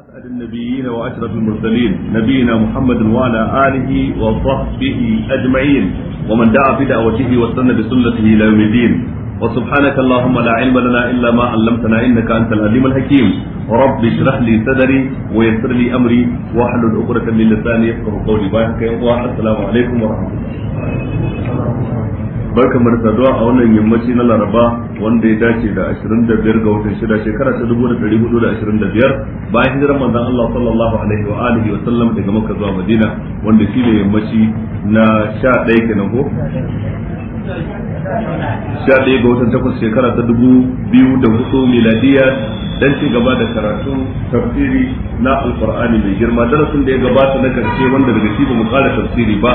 أسعد النبيين وأشرف المرسلين نبينا محمد وعلى آله وصحبه أجمعين ومن دعا بدعوته واستنى بسنته إلى يوم الدين وسبحانك اللهم لا علم لنا إلا ما علمتنا إنك أنت العليم الحكيم رب اشرح لي صدري ويسر لي أمري واحلل عقدة من لساني يفقهوا قولي بايعك السلام عليكم ورحمة الله barka mu da saduwa a wannan yammaci na laraba wanda ya dace da 25 ga watan shida shekara ta 1425 bayan hijirar manzon Allah sallallahu alaihi wa alihi wa sallam daga Makka zuwa Madina wanda shi ne yammaci na 11 kenan ko 11 ga watan takwas shekara ta 2004 miladiya dan ci gaba da karatu tafsiri na alqur'ani mai girma darasin da ya gabata na karshe wanda daga shi ba mu kada tafsiri ba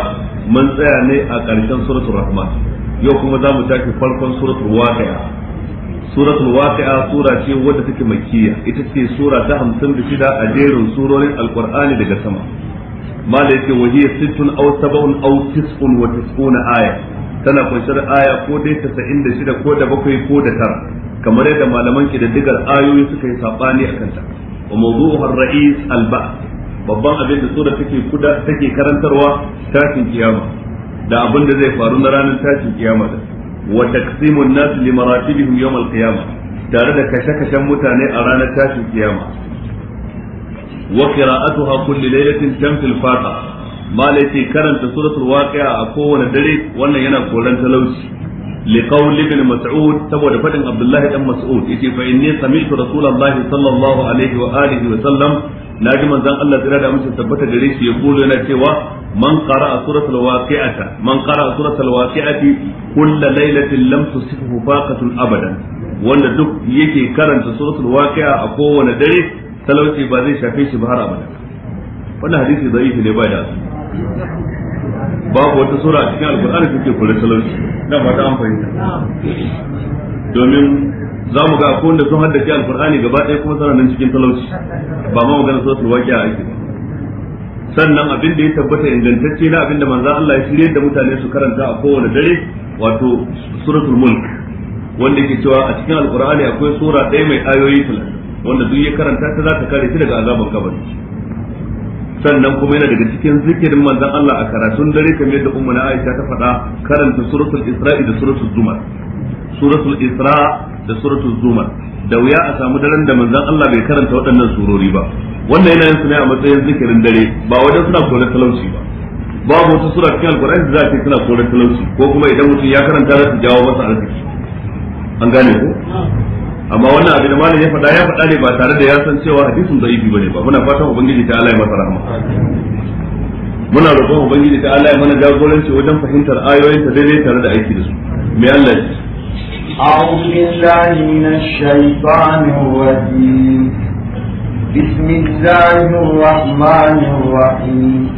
mun tsaya ne a karshen suratul rahman yau kuma za mu tafi farkon suratul waqi'a suratul waqi'a sura ce wadda take makkiya ita ce sura ta 56 a jerin surorin alqur'ani daga sama malai yake wahiya sittun aw sab'un aw tis'un wa tis'una aya tana kunshe da aya ko dai 96 ko da bakwai ko da tara kamar yadda malaman kididdigar ayoyi suka yi sabani a kanta. wa mawdu'uha ar-ra'is al-ba'th babban abin da sura take kuda take karantarwa tashin kiyama da abin da zai faru na ranar tashin kiyama da wa taqsimun nas li maratibihim yawm al qiyama tare da kashe-kashen mutane a ranar tashin kiyama wa qira'atuha kulli laylatin tamsil fata malai ce karanta suratul waqi'a a kowane dare wannan yana koran talauci لقول ابن مسعود تبو faɗin عبد الله بن مسعود يتي فإني سمعت رسول الله صلى الله عليه وآله وسلم na ji manzon Allah tsira da mutum tabbata gare shi ya kula yana cewa man qara'a suratul waqi'ata man qara'a suratul waqi'ati kull lailatin lam tusifhu faqatun abadan wanda duk yake karanta suratul waqi'a a kowane dare talauci ba zai shafe shi ba har abada wannan hadisi da'ifi ne ba da babu wata sura cikin cikin alkur'ani take kula talauci na ba ta an fahimta domin za mu ga ko wanda sun haddace alqur'ani gaba ɗaya kuma suna nan cikin talauci ba ma magana suratul waqi'a ake sannan abin da ya tabbata ingantacce na abin da manzan Allah ya shirye da mutane su karanta a kowane dare wato suratul mulk wanda ke cewa a cikin alkur'ani akwai sura ɗaya mai ayoyi 30 wanda duk ya karanta ta za ta kare shi daga azabar kabari sannan kuma yana daga cikin zikirin manzan Allah a karatun dare kamar yadda ummu na Aisha ta faɗa karanta suratul Isra'i da suratul Zumar suratul isra da suratul zumar da wuya a samu daren da manzon Allah bai karanta waɗannan surori ba wannan yana yin su ne a matsayin zikirin dare ba wajen suna kore talauci ba babu wata sura cikin alkur'ani da za ta suna kore talauci ko kuma idan mutum ya karanta za su jawo masa arziki an gane ko amma wannan abin da malam ya faɗa ya faɗa ne ba tare da ya san cewa hadisin da'ifi bane ba muna fatan ubangiji ta Allah ya masa rahama muna roƙon ubangiji ta Allah ya mana jagoranci wajen fahimtar ayoyin ta daidai tare da aiki da su me Allah ya أعوذ بالله من الشيطان الرجيم بسم الله الرحمن الرحيم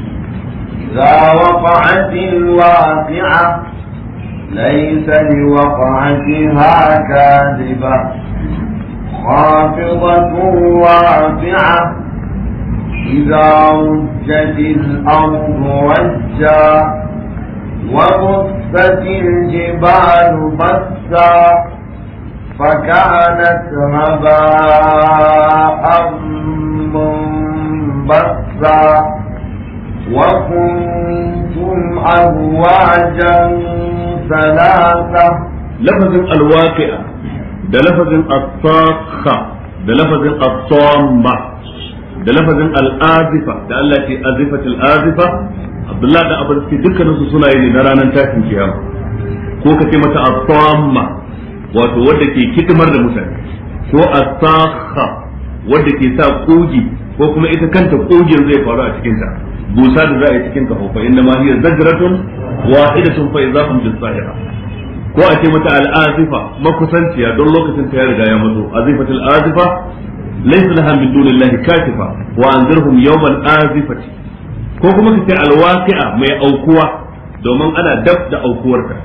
إذا وقعت الواقعة ليس لوقعتها كاذبة خافضة واقعة إذا رجت الأرض رجا وبث وبست الجبال بسا فكانت هباء منبسا وكنتم أزواجا ثلاثة لفظ الواقعة ده لفظ الطاقة ده لفظ الطامة ده لفظ الآزفة ده التي أزفت الآزفة abdullahi da abbas dukkaninsu dukkanin su suna yi na ranar tashin kiyama ko ka ce mata as wato wadda ke kidimar da mutane ko as-sakha ke sa kogi ko kuma ita kanta kogin zai faru a cikinta, busa da za a yi cikin ta fa inna ma hiya zajratun wahidatun fa idza hum bis ko a ce mata al'azifa makusanciya don lokacin ta ya riga ya mutu azifatul azifa laysa laha min dunillahi katifa wa anzirhum yawmal azifati ko kuma ka ce alwaqi'a mai aukuwa domin ana dab da aukuwarta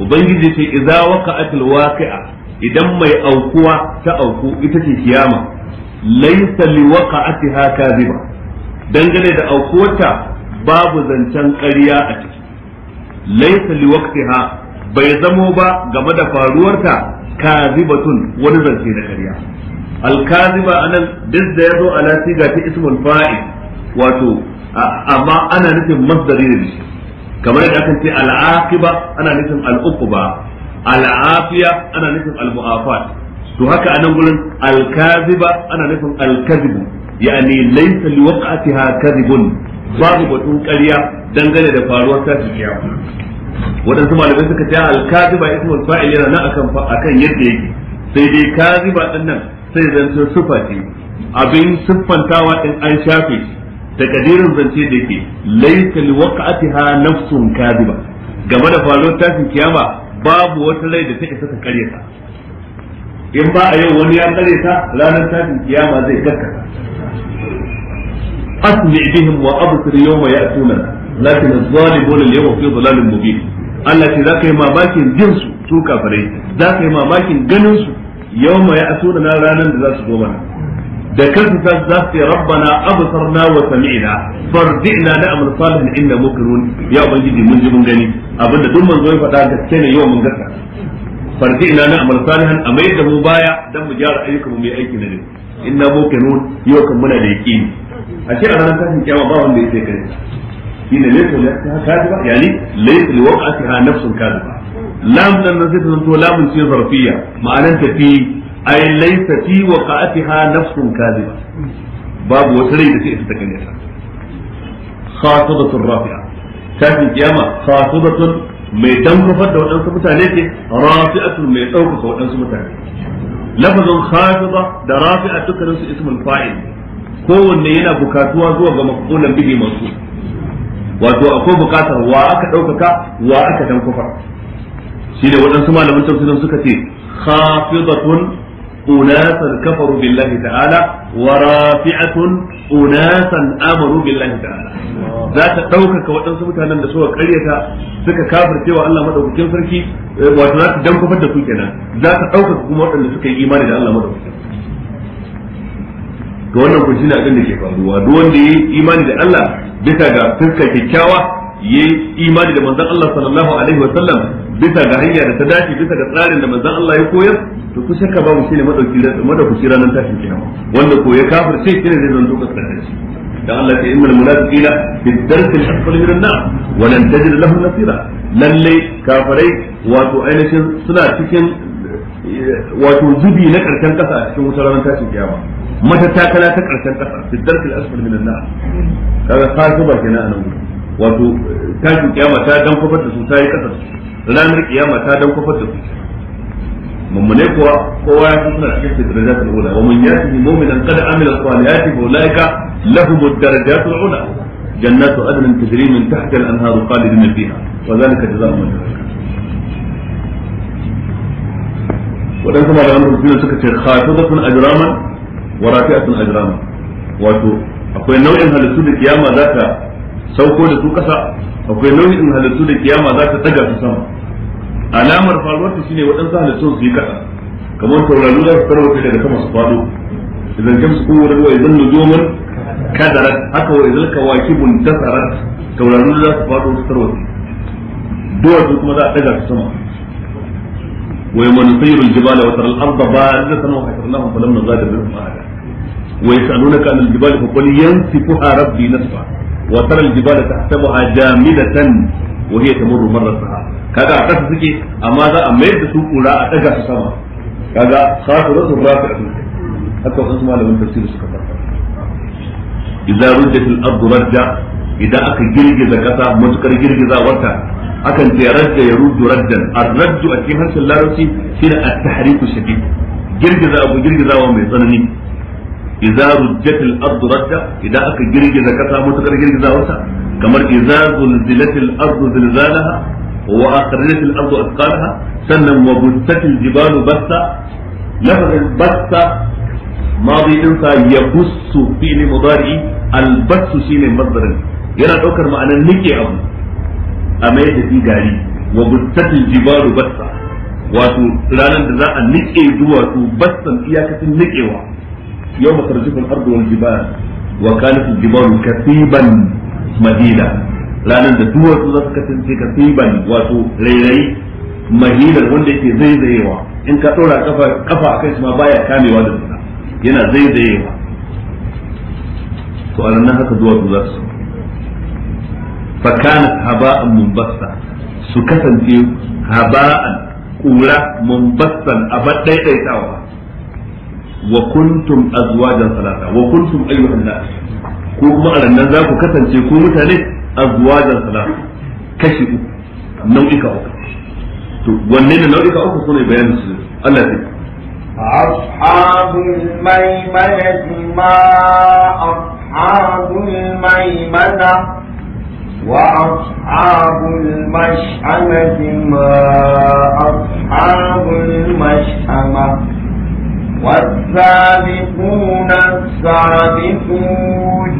ubangiji ce idza waqa'at alwaqi'a idan mai aukuwa ta auku ita ce kiyama laysa liwaqa'atiha kadhiba dangane da aukuwarta babu zancen ƙarya a ciki laysa liwaqtiha bai zamo ba game da faruwarta tun wani zance na ƙarya alkaziba anan duk da yazo ala siga ta ismul fa'il wato amma ana nufin masdari ne shi kamar yadda aka ce al'aqiba ana nufin al'uquba al'afiya ana nufin al-mu'afat to haka anan gurin al-kaziba ana nufin al-kazibu yani laysa liwaqatiha kadhibun babu batun ƙarya dangane da faruwar tashi waɗansu malamai suka ce al-kaziba ismul fa'il yana nan akan akan yadda yake sai dai kaziba din nan sai zanto sufa ce abin siffantawa din an shafe shi takadirin zance da yake laysa liwaqatiha nafsun kadiba game da faruwar tashin kiyama babu wata rai da take saka karyata in ba a yau wani ya karyata ranar tashin kiyama zai karkata asmi bihim wa abtir yawma ya'tuna lakin adh-dhalimun al-yawma fi dhalalin mubin Allah ce zaka yi mamakin jin su su kafirai zaka yi mamakin ganin su yawma ya'tuna ranar da za su zo mana da kansu za su ce rabbana absarna wa na farji'na na'mal salihan inna muqinun ya ubangiji mun ji mun gani abinda duk manzo ya faɗa gaske ne yau mun gasa farji'na na'mal salihan a mai da mu baya don mu gyara ayyukan mu mai aiki na gari inna muqinun yau kan muna da ne. a ce a ranar tashin kiyama ba wanda ne yake kare shine laysa la kadiba yani laysa liwaqatiha nafsun kadiba lam nan zai zanto lamun ce zarfiya ma'anan tafi ai laysa fi waqa'atiha nafsun kadhiba babu wata rai da take ita ta kanyata khatibatun rafi'a tashin kiyama khatibatun mai dankufar da waɗansu mutane ce rafi'atun mai ɗaukaka waɗansu mutane lafazin khatiba da rafi'a dukkanin su ismul fa'il kowanne yana bukatuwa zuwa ga maqbulan bihi masu wato akwai bukatar wa aka ɗaukaka wa aka dankufar shi ne waɗansu malaman tafsirin suka ce khafidatun أناسا كفروا بالله تعالى ورافعة أناسا آمنوا بالله تعالى ذات دوكك وأن سبتها أن سوى قرية سكا كافر سوى الله مدعو كيف سركي وأن جنك فتا سوكنا ذات دوكك كما أن سكا إيمان إلى الله مدعو to wannan kun shine abin da ke faruwa duk wanda yayi imani da Allah bisa ga fuskar kyakkyawa Yi imani da manzon Allah sallallahu alaihi wa sallam bisa ga hanya da ta dace bisa ga tsarin da manzon Allah ya koyar to ku shakka babu shine madauki madauki ranar tashin kiyama wanda ko ya kafirce shine zai zanto kasance dan Allah ya innal munafiqina fi darkil asfali minan nar wa lan tajid lahum nasira lalle kafirai wato ainihin suna cikin wato zubi na karshen kasa cikin wutar ranar tashin kiyama mata takala ta karshen kasa fi darkil asfali minan nar kaga ka ba kenan anan wato tashin kiyama ta dan kofar da su ta yi kasa ranar kiyama ta dan kofar da su mummune kuwa kowa ya san suna cikin darajatul ula wa ya yati mu'minan qad amila salihati fa ulaika lahum ad-darajatul ula jannatu adnin tajri min tahtiha al-anharu khalidin fiha wa dhalika jazaa'u man wadansu malaman tafsir suka ce khafidatun ajraman wa rafi'atun ajraman wato akwai nau'in halittu da kiyama za ta sauko da su kasa akwai nau'in halittu da kiyama za ta daga su sama alamar faruwar ta shine waɗansu halittun su yi kasa kamar taurari za su tarwace daga sama su faɗo idan kamsu kun wurin wa idan nujumun kadarat haka wa idan kawakibun tasarat taurari za su faɗo su tarwace duwatsu kuma za a daga su sama wai man ويمنصير الجبال وترى الأرض باردة وحشرناهم فلم نزاد منهم أحدا ويسألونك عن الجبال فقل ينسفها ربي نسفا wa tara al-jibala tahsabuha jamidatan wa hiya tamurru marrasaha kaga a kasa suke amma za a mayar da su kura a daga su sama kaga khafiratu rafi'atu haka wasu malamin tafsir suka fassara idza rujjat al-ardu rajja idan aka girgiza kasa matukar girgiza wata akan ce radda ya ruddu raddan ar-raddu a cikin harshen larabci shine at-tahriku shadid girgiza abu girgizawa mai tsanani idza rujjatil ardu radda idan aka girgiza kasa mutakar girgizawarta kamar idza zulzilatil ardu zilzalaha wa akhrajatil ardu athqalaha sannan wa bustatil jibalu basta lafazin basta madi dinsa yabussu fi'li mudari albassu shine masdarin yana daukar ma'anar nike abu a mai da gari wa bustatil jibalu basta wato da za a nike duwatsu basan iyakacin niƙewa. Yau tarjuful ardu wal jibal wa kanat al jibalu kasiban madina ranar da duwatsu za su kasance kasiban wato rairayi mahilar wanda yake zaizayewa in ka dora kafa kafa akan shi ma baya kamewa da suna yana zaizayewa to anan haka duwatsu za su haba'an munbassa su kasance haba'an kura munbassan a badaidaitawa wa kuntum azwajan salata wa kuntum ayyuhan nas ko kuma a rannan za ku kasance ko mutane azwajan salata kashi uku nau'ika uku to wanne ne nau'ika uku sune bayanin su Allah ya أصحاب الميمنة ما أصحاب الميمنة وأصحاب المشأمة ما أصحاب المشأمة والسابقون السابقون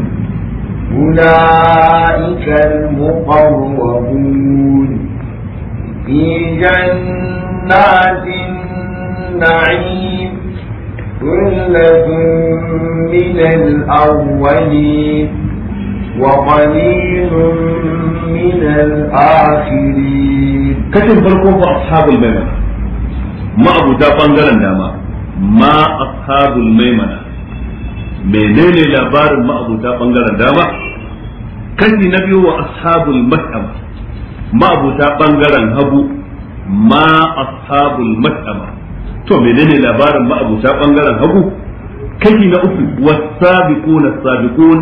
أولئك المقربون في جنات النعيم ثلة من الأولين وقليل من الآخرين كتب فرقوا أصحاب الميمنة ما أبو دا بانجلن داما ma ashabul maimana menene labarin ma'abuta bangaren dama kashi na biyu wa ashabul mat'ama ma'abuta bangaren hagu ma ashabul mat'ama to menene labarin ma'abuta bangaren hagu kashi na uku wasabiquna sabiqun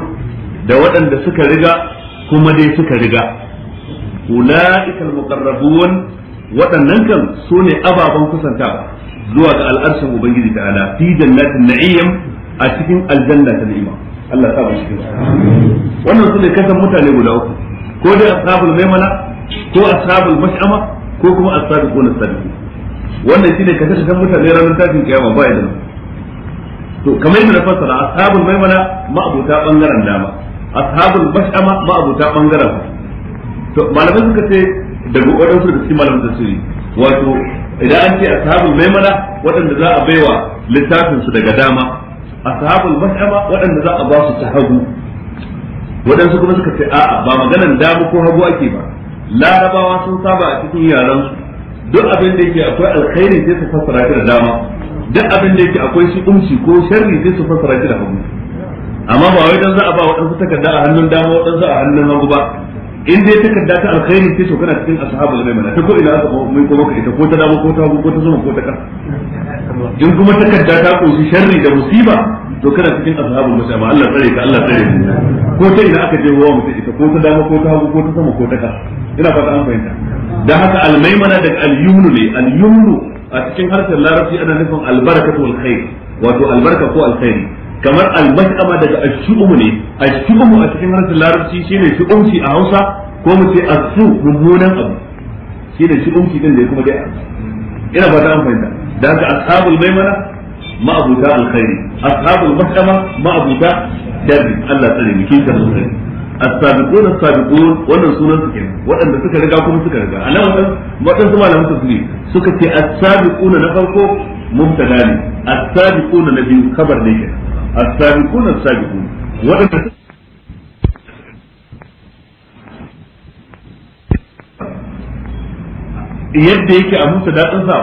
da waɗanda suka riga kuma dai suka riga ulaikal muqarrabun waɗannan kan sune ababen kusantawa zuwa ga al'arshin ubangiji ta'ala fi jannatin na'im a cikin aljanna ta ni'ima Allah ya sa mu cikin wannan sune kasan mutane guda uku ko dai ashabul maimana ko ashabul mash'ama ko kuma as-sabiquna as-sabiqun wannan shine kasan kasan mutane ranar tashin kiyama ba idan to kamar yadda na fassara ashabul maimana ma'abuta bangaren dama ashabul mash'ama ma'abuta bangaren to malamai suka ce daga wadansu da cikin malamin tasiri wato idan an ce ashabul maimana waɗanda za a baiwa littafin su daga dama ashabul mas'ama waɗanda za a ba su ta hagu waɗansu kuma suka ce a'a ba maganan dama ko hagu ake ba larabawa sun saba a cikin yaran su duk abin da yake akwai alkhairi sai su fassara shi da dama duk abin da yake akwai shi umci ko sharri sai su fassara shi da hagu amma ba wai dan za a ba waɗansu takarda a hannun dama waɗansu a hannun hagu ba in dai takarda ta alkhairi ce to kana cikin ashabul maimuna ta ko ina aka mai ko maka ita ko ta dama ko ta ko ta sama ko ta kasa in kuma takarda ta kunshi sharri da musiba to kana cikin ashabul maimuna Allah tsare ka Allah tsare ka ko ta ina aka je wa mutum ita ko ta dama ko ta ko ta sama ko ta kasa ina fata an fahimta dan haka almaimuna da yumnu ne alyumnu a cikin harshen larabci ana nufin albarakatu alkhair wato albarka ko alkhairi kamar almas'ama daga ashu'umu ne ashu'umu a cikin harshen larabci shine umshi a Hausa ko mu ce asu mummunan abu shine umshi din da kuma dai ina ba ta an fahimta da haka ashabul maimana ma abuta alkhairi ashabul mas'ama ma abuta darbi Allah tsare mu kin da السابقون السابقون wannan sunan su kenan waɗanda suka riga kuma suka riga a nan wannan waɗansu malaman su ne suka ce as-sabiquna na farko mubtada ne as-sabiquna na biyu khabar ne kenan السابقون السابقون as yadda yake a musa daɗin sa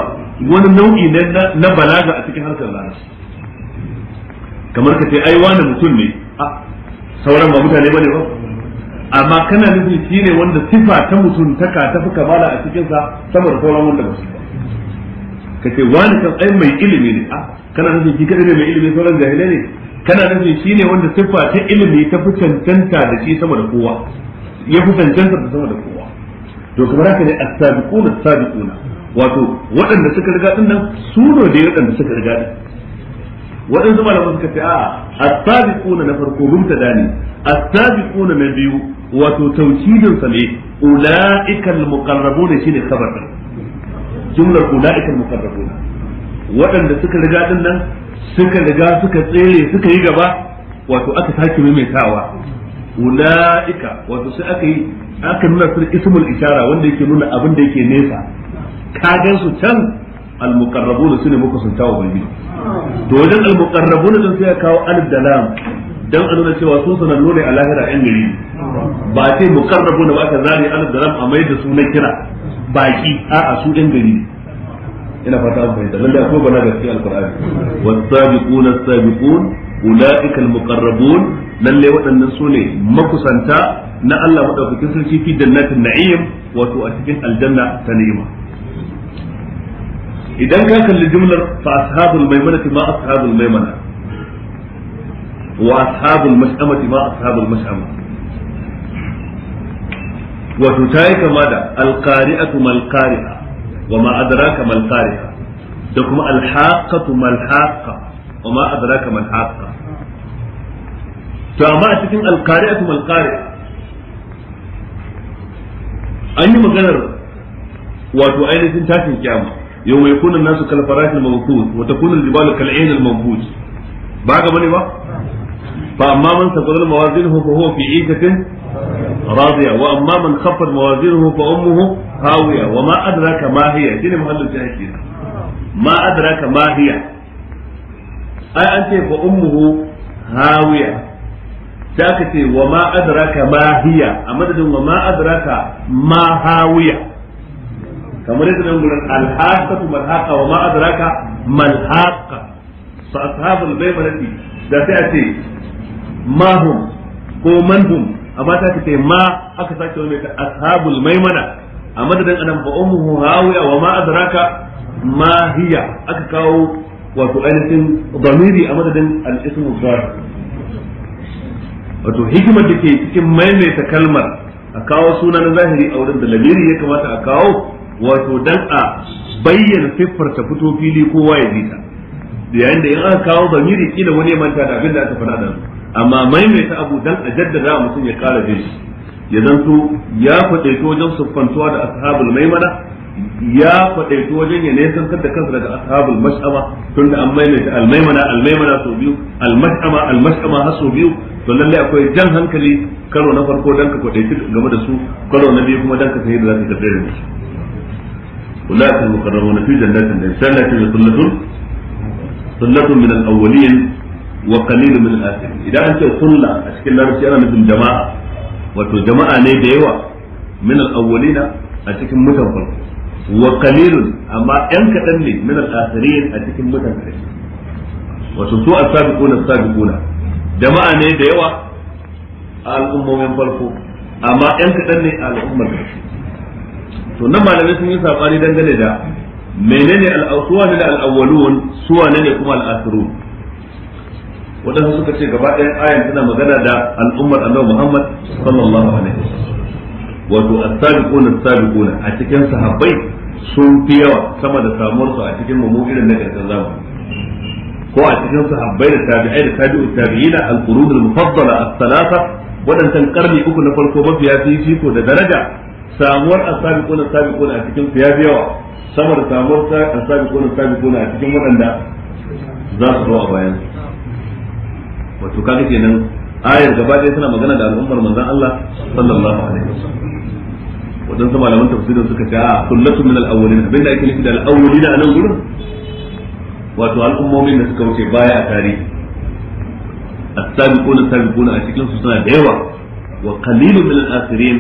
wani nau'i na balaga a cikin harkar larabci kamar ka ce ai wani mutum ne a sauran ba mutane ba ne ba amma kana nufin ne wanda sifa ta mutuntaka ta fi kamala a cikin sa da sauran wanda ba su ba ka ce wani kan ai mai ilimi ne Ah. kana nufin shi kadai ne mai ilimi sauran jahilai ne kana nufin shi ne wanda siffa ta ilimi ta fi cancanta da shi sama da kowa ya fi cancanta da sama da kowa to kamar haka ne as-sabiquna as-sabiquna wato waɗanda suka riga din nan su ne da waɗanda suka riga din waɗansu malaman suka ce a'a as-sabiquna na farko mubtada ne as-sabiquna na biyu wato tawkidin sa ne ula'ikal muqarrabuna shine khabar jumlar ulaiikal muqarrabun waɗanda suka riga din nan suka riga suka tsere suka yi gaba wato aka sake maimaitawa ula'ika wato sai aka yi aka nuna su ismul ishara wanda yake nuna abin da yake nesa ka gan su can almuqarrabuna sune muka sunta wa ubangiji to wajen almuqarrabuna din sai ya kawo alif da lam dan a nuna cewa sun sanannu ne a lahira yan gari ba sai muqarrabuna ba aka zari alif da lam a mai da sunan kira baki a'a su ɗan gari ina fata an fahimta lalle akwai bana da cikin alqur'ani was-sabiqun as-sabiqun ulaika al-muqarrabun lalle waɗannan su ne makusanta na Allah madaukakin sarki fi jannatin na'im wato a cikin aljanna ta ni'ima idan ka kalli jumlar fa ashabul maimanati ma ashabul maimana wa ashabul mash'amati ma ashabul mash'ama wato ta yi kama da alqari'atu malqari'a wa ma adraka malqari'a da kuma alhaqatu malhaqa wa ma adraka malhaqa to amma a cikin alqari'atu malqari'a an yi maganar wato ainihin tashin kiyama yau mai kunan nasu kalfarashin mawukus wata kunan jibalu kal'ain al ba ga bane ba فأما من ثقلت موازينه فهو في عيشة راضية وأما من خفت موازينه فأمه هاوية وما أدراك ما هي شنو محل الشاهد ما أدراك ما هي أي أنت فأمه هاوية تأكتي وما أدراك ما هي أمدد وما أدراك ما هاوية kamar yadda nan gurin alhaqatu malhaqa wa ma adraka malhaqa fa ashabul baymanati da sai a ce mahum ko manhum amma ta ce ma aka sake wani ta ashabul maimana a madadin anan ba ummuhu hawiya wa ma adraka ma hiya aka kawo wato ainihin damiri a madadin al-ismu wato hikimar da ke cikin maimaita kalmar a kawo suna na zahiri a wurin da lamiri ya kamata a kawo wato dan a bayyana siffar ta fito fili kowa ya ji ta yayin da in aka kawo zamiri kila wani ya manta da abin da aka faɗa da su amma maimaita abu dan a jaddada mutum ya kara jin shi ya zanto ya faɗaito wajen sufantuwa da ashabul maimana ya faɗaito wajen ya nesantar da kansa daga ashabul mash'ama tunda an maimaita Al almaimana sau biyu Al Al almash'ama har sau biyu to lalle akwai jan hankali karo na farko dan ka faɗaito game da su karo na biyu kuma dan ka sayi da za ka tafi da su أولئك المقربون في جنات النعيم سنة ثلة ثلة من الأولين wa qalilun min al-akhir idan an ce kulla a cikin larabci ana nufin jama'a wato jama'a ne da yawa min al-awwalina a cikin mutan farko wa qalilun amma yan kadan ne min al-akhirin a cikin mutan karshe wato su as-sabiquna as-sabiquna jama'a ne da yawa a al'ummomin farko amma yan kadan ne a al'ummar karshe to nan malamai sun yi sabani dangane da menene al-awwalun da al-awwalun suwa ne kuma al-akhirun waɗansu suka ce gaba ɗayan ayan tana magana da al'ummar annabi Muhammad sallallahu alaihi wasallam wato as-sabiqun as-sabiqun a cikin sahabbai sun fi yawa sama da samuwar su a cikin mu irin na karshen zamani ko a cikin sahabbai da tabi'ai da tabi'u tabi'ina al-qurun al-mufaddala as-salasa wadannan karni uku na farko mafiya fifiko da daraja samuwar as-sabiqun as-sabiqun a cikin fiya yawa sama da samuwar as-sabiqun as-sabiqun a cikin waɗanda za su zo a bayan su wato kaga kenan ayar gaba ɗaya suna magana da al'ummar manzon Allah sallallahu alaihi wasallam wadansu malaman tafsirin suka ce a kullatu min al-awwalin abinda ake nufi da al-awwalin a nan gurin wato al'ummomin da suka wuce baya a tarihi as-sabiquna as-sabiquna a cikin su suna da yawa wa qalilun min al-akhirin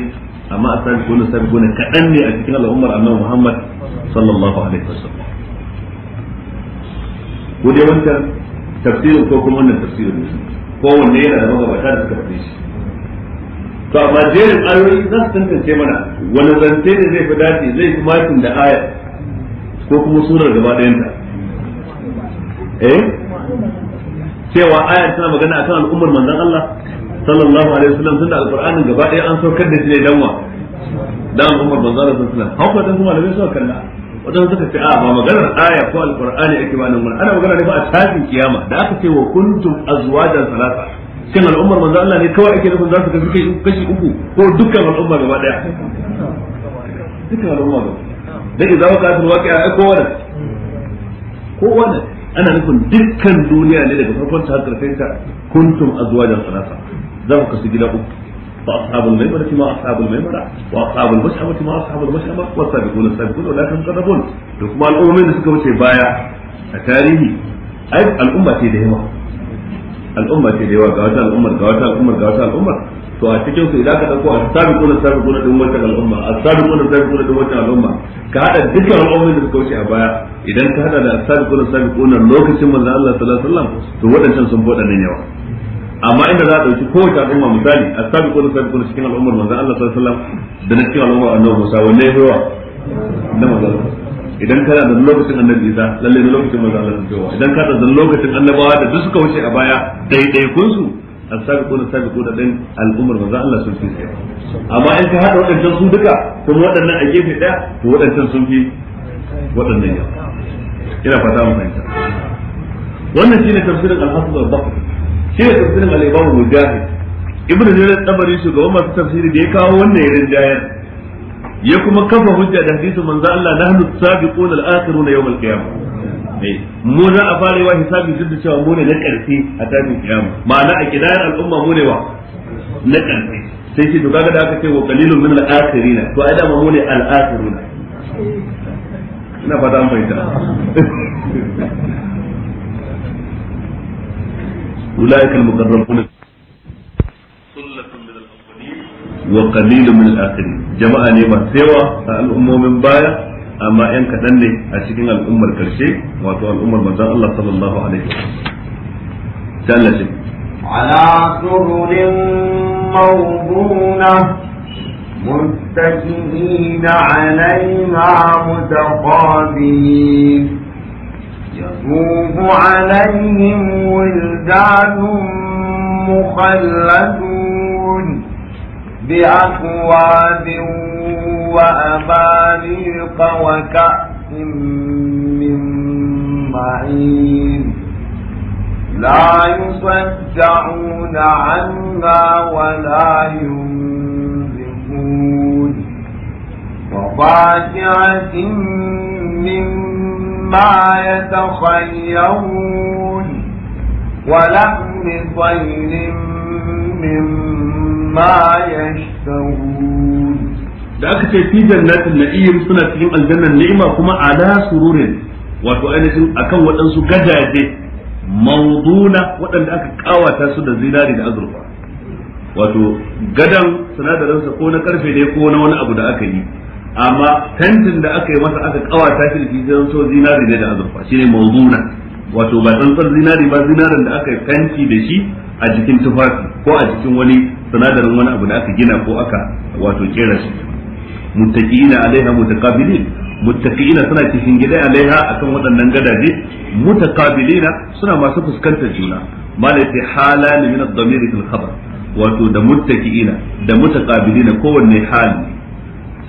amma as-sabiquna as-sabiquna kadan ne a cikin al'ummar annabi Muhammad sallallahu alaihi wasallam ko dai wancan tafsirin ko kuma wannan tafsirin ko wanne yana da magabata da suka fi shi to amma jerin ayoyi za su tantance mana wani zance ne zai fi dace zai fi makin da aya ko kuma surar gaba ɗayanta eh cewa aya tana magana akan al'ummar manzon Allah sallallahu alaihi wasallam tunda alqur'anin gaba ɗaya an saukar da shi ne danwa dan al'ummar manzon Allah sallallahu alaihi wasallam hauka dan kuma da bai so kalla wadanda suka ce a ba maganar aya ko alqur'ani ake ba nan ana magana ne ba a tashin kiyama da aka ce wa kuntum azwajan salasa shin al'ummar manzo Allah ne kawai ake nufin za su kashi kashi uku ko dukkan al'umma gaba daya dukkan al'umma gaba da idza waqa'atul waqi'a ai ko wannan ko wannan ana nufin dukkan duniya ne daga farkon ta har karshen ta kuntum azwajan salasa za ku kasu gida uku فأصحاب الميمنة ما أصحاب الميمنة وأصحاب المشأمة ما أصحاب المشأمة والسابقون السابقون ولا تنقربون لكم الأمم اللي سكوا شيء بايع أتاريه أي الأمة تي الأمة تي دهما الأمة قاوتا الأمة قاوتا الأمة to a cikin su idan ka dauko as-sabiquna as-sabiquna din wannan al'umma as-sabiquna as-sabiquna din wannan al'umma ka hada dukkan al'ummomin da suka wuce a baya idan ka hada da a lokacin manzon sallallahu alaihi to wadannan sun boda nan yawa amma inda za a ɗauki kowace al'umma misali a sami kuna sami kuna cikin al'ummar manzan Allah sallallahu alaihi wasallam da na cikin al'ummar annabi Musa wanne ya yawa na manzan idan kana da lokacin annabi Isa lalle na lokacin manzan Allah sallallahu alaihi idan kana da lokacin annabawa da duk suka wuce a baya daidai su sami sabiquna sami sabiquna din al'ummar manzan Allah sun fi sai amma in ka haɗa waɗancan su duka tun waɗannan a gefe ɗaya to waɗancan sun fi waɗannan yau ina fata mu fahimta wannan shine tafsirin al-hasan al-basri shi ne tafsirin al-imam mujahid ibnu jarir tabari shugaban masu tafsiri da ya kawo wannan irin jayan ya kuma kafa hujja da hadisin manzo Allah na nahnu sabiquna al-akhiruna yawm al-qiyamah eh, mu za a fara wa hisabi duk da cewa mu ne na karfi a tabin kiyama ma'ana a kidayar al'umma mu ne wa na karfi sai shi to kaga da aka ce wa qalilun min al-akhirina to ai da mu ne al-akhiruna ina fata an fahimta أولئك المقربون سلة من الأولين وقليل من الآخرين جماعة نيمة سوى الأمة من بايا أما إن كتني أشكين الأمة الكرشي وأتوى الأمة مزان الله صلى الله عليه وسلم تعالى شيء على سرر موضونة متكئين عليها متقابلين يطوف عليهم ولدان مخلدون بأكواب وأباريق وكأس من معين لا يصدعون عنها ولا ينزفون وفاكهة من مما يتخيرون ولحم طير مما يشتهون da aka ce fi jannatin na'im suna cikin aljannar ni'ima kuma ala sururin wato ainihin akan waɗansu gadaje mawduna waɗanda aka kawata su da zinari da azurfa wato gadan sinadarinsa ko na karfe ne ko na wani abu da aka yi amma tantin da aka yi masa aka kawata shi da shi so zinari ne da azurfa shine mawduna wato ba tsantsar zinari ba zinarin da aka yi tanti da shi a jikin tufafi ko a jikin wani sinadarin wani abu da aka gina ko aka wato kera shi muttaqina alaiha mutaqabilin muttaqina suna cikin gida alaiha akan waɗannan gadaje mutaqabilin suna masu fuskantar juna malai sai halan min ad-damir fil khabar wato da muttaqina da mutaqabilin kowanne hali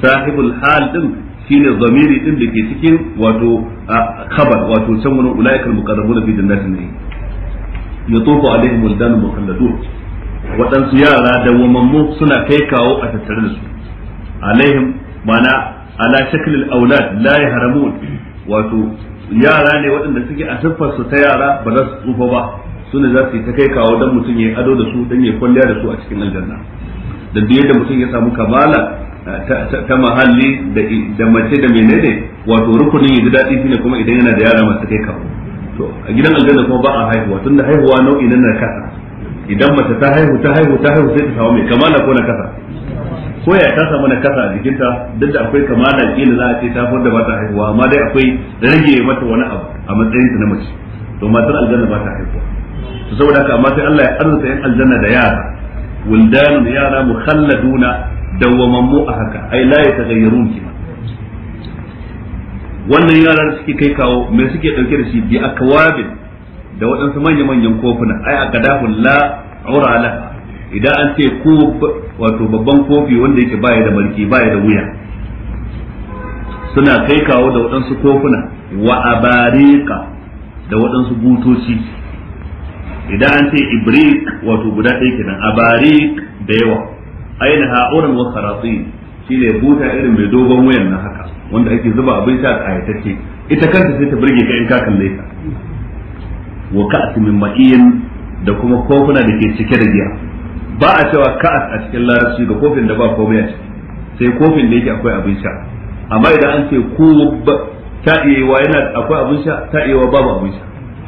sahibul hal دم shine zamiri din da ke cikin wato واتو wato can wani في جنات fi يطوف عليهم yatufu alaihim muldan سيارة waɗansu yara da wamammu suna kai kawo a tattare da su alaihim mana ala aulad la yara ne waɗanda suke a siffar su ta yara ba za su tsufa ba su za su ta kai kawo dan mutum ya ado da su dan ya kwalliya da su a cikin aljanna da biye da mutum ya samu kamala ta mahalli da mace da menene wato rukunin yanzu daɗi daɗi ne kuma idan yana da yara masu kai kawo to a gidan aljanna kuma ba a haihuwa da haihuwa nau'i nan na kasa idan mace ta haihu ta haihu ta haihu sai ta samu mai kamala ko na kasa ko ya ta samu na kasa a jikinta duk da akwai kamala kila za a ce ta da ba ta haihuwa amma dai akwai rage mata wani abu a matsayin ta na mace to matar aljanna ba ta haihuwa to saboda haka amma sai Allah ya arzuta yin aljanna da yara wuldanun yara mukhalladuna dawwamammu a haka ai la ya tagayyarun kima wannan yaran suke kai kawo me suke dauke da shi bi akwabin da waɗansu manya-manyan kofuna ai a kadahun la urala idan an ce ko wato babban kofi wanda yake baya da mulki baya da wuya suna kai kawo da waɗansu kofuna wa abarika da waɗansu butoci idan an ce ibrik wato guda ɗaya kenan abarik da yawa aina ha'uran wa kharati ne buta irin mai dogon wayan na haka wanda ake zuba abin sha a ayatacce ita kanta sai ta burge ka in ka kalle ta wa ka'as min ma'iyin da kuma kofuna da ke cike da giya ba a cewa ka'as a cikin larabci ga kofin da ba komai a ciki sai kofin da yake akwai abin sha amma idan an ce ku ta iya wa yana akwai abin sha ta iya wa babu abin sha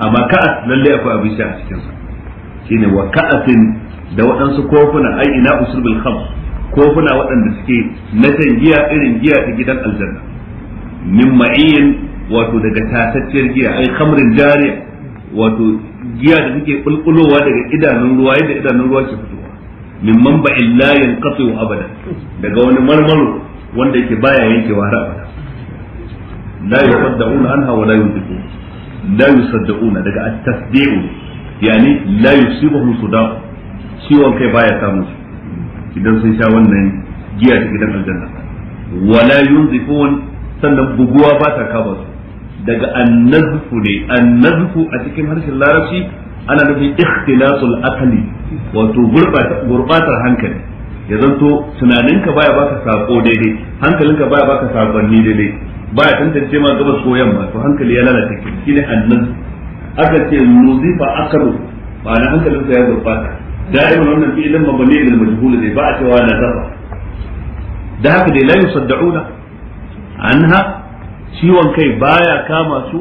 amma ka'as lalle akwai abin sha a cikin sa shine wa ka'asin da waɗansu kofuna ai ina usulul khams kofuna waɗanda suke na san giya irin giya ta gidan aljanna min ma'iyin wato daga tatacciyar giya ai khamrin jariya wato giya da suke bulbulowa daga idanun ruwa yadda idanun ruwa ke fitowa min manba'in la yanqati abada daga wani marmaro wanda yake baya yankewa har abada la yusaddauna anha wa la yunfiqun la yusaddauna daga at-tasdi'u yani la yusibuhum sudaq ciwon kai baya samun su idan sun sha wannan giya ta gidan aljanna wala yunzifun sannan buguwa ba ta kama su daga annazfu ne annazfu a cikin harshen larabci ana nufin ikhtilasul akali wato gurbatar hankali ya zanto tunaninka baya baka sako daidai hankalinka baya baka sakonni daidai baya tantance ma gabas ko yamma to hankali ya lalata shine annazfu aka ce nuzifa akalu ma'ana hankalinka ya gurbata da'iman wannan fi'ilin mabani lil majhul ne ba a cewa la tarfa da haka dai la yusaddauna anha ciwon kai baya kama su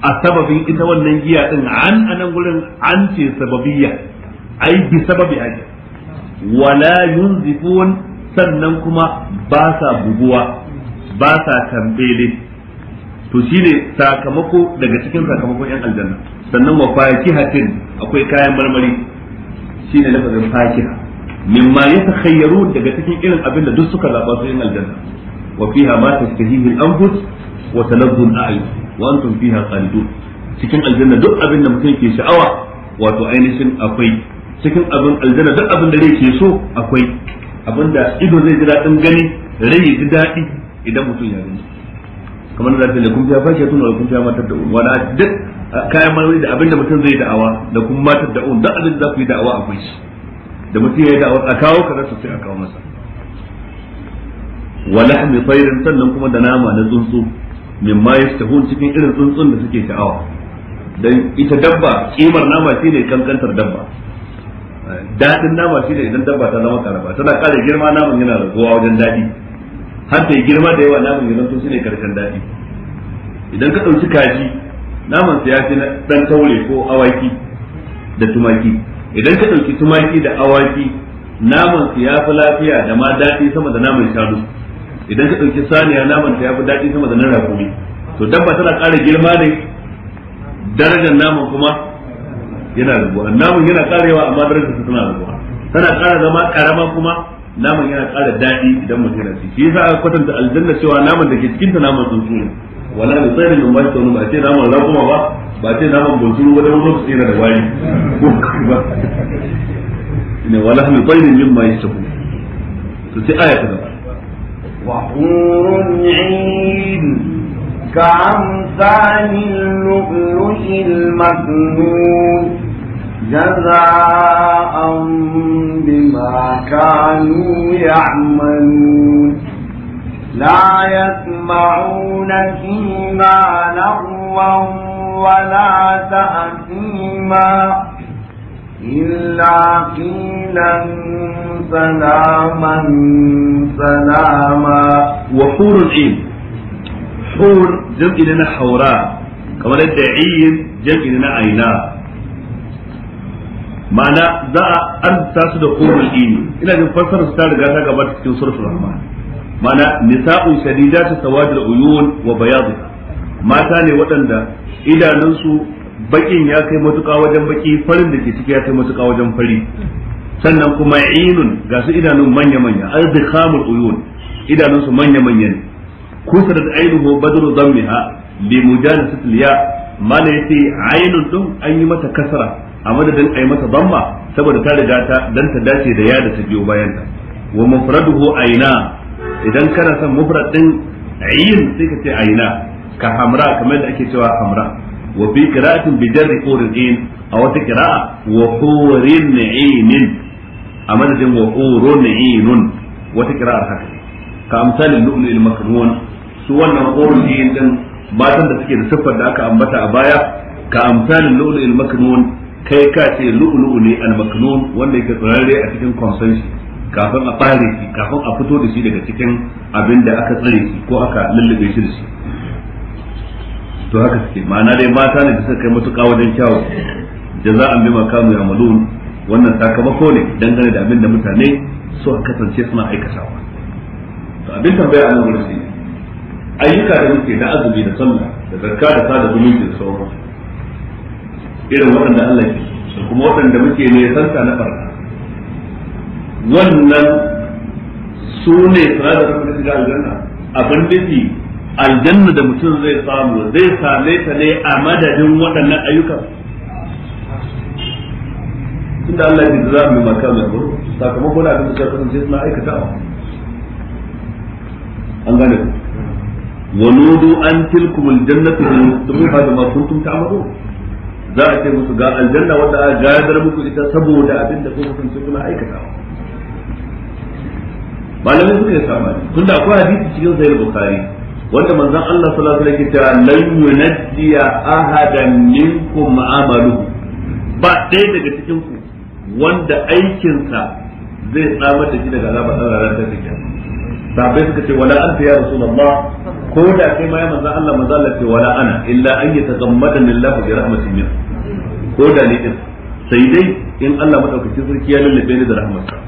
a sababin ita wannan giya din an anan gurin an ce sababiyya ai bi sababi ai wala yunzifun sannan kuma ba sa buguwa ba sa tambele to shine sakamako daga cikin sakamakon yan aljanna sannan wa fakihatin akwai kayan marmari shine lafazin fakiha mimma yatakhayyaru daga cikin irin abin da duk suka zaba su yin aljanna wa fiha ma tashtahihi al-anfus wa talazzu al-a'yun wa antum fiha khalidun cikin aljanna duk abin da mutum ke sha'awa wato ainihin akwai cikin abin aljanna duk abin da rai ke so akwai abin da ido zai ji daɗin gani rai ya ji daɗi idan mutum ya gani kamar da zai kun fiya fashe tun kun fiya matar da wani duk kayan marmari da abinda mutum zai da'awa da kuma matar da'un da abin za ku yi da'awa akwai shi da mutum ya yi da'awa a kawo ka to sai a kawo masa Wani lahmi tayrin sannan kuma da nama na tsuntsu mimma yastahun cikin irin tsuntsun da suke sha'awa dan ita dabba kimar nama shine kankantar dabba Daɗin nama shine idan dabba ta zama karaba tana kare girma naman yana raguwa wajen daɗi, har ta girma da yawa naman yana shi ne karshen daɗi idan ka ɗauki kaji naman sa ya fi dan taure ko awaki da tumaki idan ka ɗauki tumaki da awaki naman su ya fi lafiya da ma daɗi sama da naman shanu idan ka ɗauki saniya naman sa ya fi daɗi sama da na rakumi to dabba tana ƙara girma ne darajar naman kuma yana rabuwa naman yana ƙarewa amma darajar su tana rabuwa tana ƙara zama ƙarama kuma naman yana ƙara daɗi idan mutum yana ci shi yasa aka kwatanta aljanna cewa naman da ke cikin ta naman tsuntsu ne wala da tsayin da mai tsoro ba ce da mun rakuma ba ba ce da mun bunturu wani mun zo tsira da wani ba ne wala mun tsayin min mai tsoro to sai aya ta ba wa hurun yin ka amsanil lulushil maknun jaza'an bima kanu ya'malun لا يسمعون فيما لغوا ولا تأثيما إلا قيلا سلاما سلاما وحور عين حور جمع لنا حوراء كما لدى عين جمع لنا عيناء ma'ana za a an tasu da horul ini ina jin fassarar ta riga ta gabata cikin surfin rahman mana nisa'un shadidatu sawadul uyun wa bayadha mata ne waɗanda idanunsu bakin ya kai matuƙa wajen baki farin da ke ciki ya kai matuƙa wajen fari sannan kuma inun ga su idanun manya manya azdikhamul uyun idanunsu manya manya ne kusurat ainuhu badru dhammiha li mujalasat liya mana yace ainun din an yi mata kasara a madadin ai mata dhamma saboda ta riga ta dan ta dace da ya da ta biyo bayan ta wa mufraduhu aina idan kana son mufrad din ayin sai ka ce ayna ka hamra kamar da ake cewa hamra wa fi qira'atin bi jarri qurin ain a wata qira'a wa qurin ainin a madadin wa hurun wa wata qira'a haka ka amsalin al maknun su wannan qurun ain din matan da suke da siffar da aka ambata a baya ka amsalin al maknun kai ka ce lu'lu'u ne al maknun wanda yake tsare a cikin consensus kafin a bare shi kafin a fito da shi daga cikin abin da aka tsare shi ko aka lullube shi da shi to haka suke ma'ana dai mata ne da suka kai matuƙa wajen kyawu jaza'an bima kanu ya'malun wannan sakamako ne dangane da abin da mutane a kasance suna aikatawa to abin tambaya a nan gurin ayyuka da muke da azumi da sallah da zakka da sada zumunci da sauran irin waɗanda Allah ke kuma waɗanda muke ne santa na barka wannan su ne sinadarin da shiga aljanna abin nufi aljanna da mutum zai samu zai same ta ne a madadin waɗannan ayyukan tunda Allah ya za mu maka mai ko sakamakon abin da suka kasance suna aikatawa an gane ku wanudu an tilkum aljannatu tumiha bima kuntum ta'malun za a ce musu ga aljanna wanda a gadar muku ita saboda abin da kuka kasance kuna aikatawa malamai suka yi samari tunda akwai hadisi cikin sahih bukhari wanda manzon Allah sallallahu alaihi wasallam yake cewa lan yunaddiya ahadan minkum ma'amalu, ba ɗaya daga cikin ku wanda aikinsa zai tsamar da shi daga azabar Allah ran ta take sahabbai suka ce wala anta ya rasulullah ko da kai ma ya manzon Allah manzon Allah ce wala ana illa an yatagammada lillahi bi rahmatin min ko da ne sai dai in Allah madaukakin sarki ya lallabe ni da rahmatsa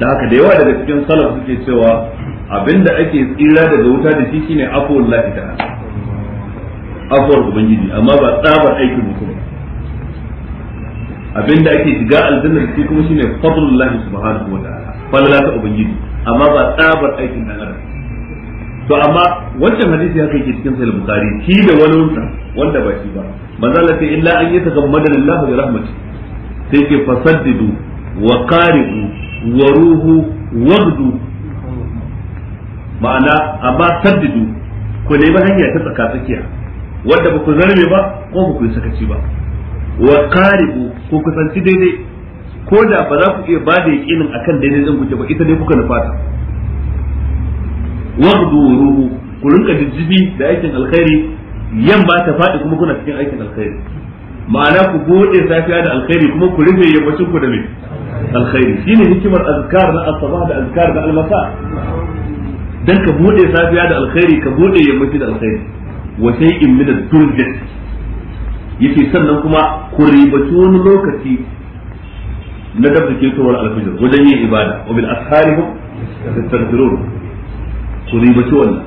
da haka da yawa daga cikin salaf suke cewa abinda ake tsira daga wuta da shi shine afuwar lahi ta'ala afuwar ubangiji amma ba tsabar aikin mutum abinda ake shiga aljanna shi kuma shine fadlullahi subhanahu wa ta'ala falala ta ubangiji amma ba tsabar aikin dan adam to amma wancan hadisi haka yake cikin sahih bukhari shi da wani wanda wanda ba shi ba manzo Allah sai illa an yatagammada lillahi bi rahmatihi sai ke fasaddidu wa qaribu wa ruhu ma'ana amma saddidu ku nemi hanya ta tsaka tsakiya wadda baku ku ba ko ba ku yi sakaci ba wa qaribu ku kusanci daidai ko da ba za ku iya ba da yakinin akan daidai zan kuke ba ita dai kuka nufata wa ruhu ku rinka jijjibi da aikin alkhairi yamma ta faɗi kuma kuna cikin aikin alkhairi ma'ana ku buɗe safiya da alkhairi kuma ku rufe yammacin ku da mai alkhairi shine hikimar azkar na asaba da azkar almasa dan ka bude safiya da alkhairi ka bude yammaci da alkhairi wa shay'in min ad yace sannan kuma ku ribaci wani lokaci na dabda ke wajen yin ibada wa bil tastaghfirun ku ribaci wannan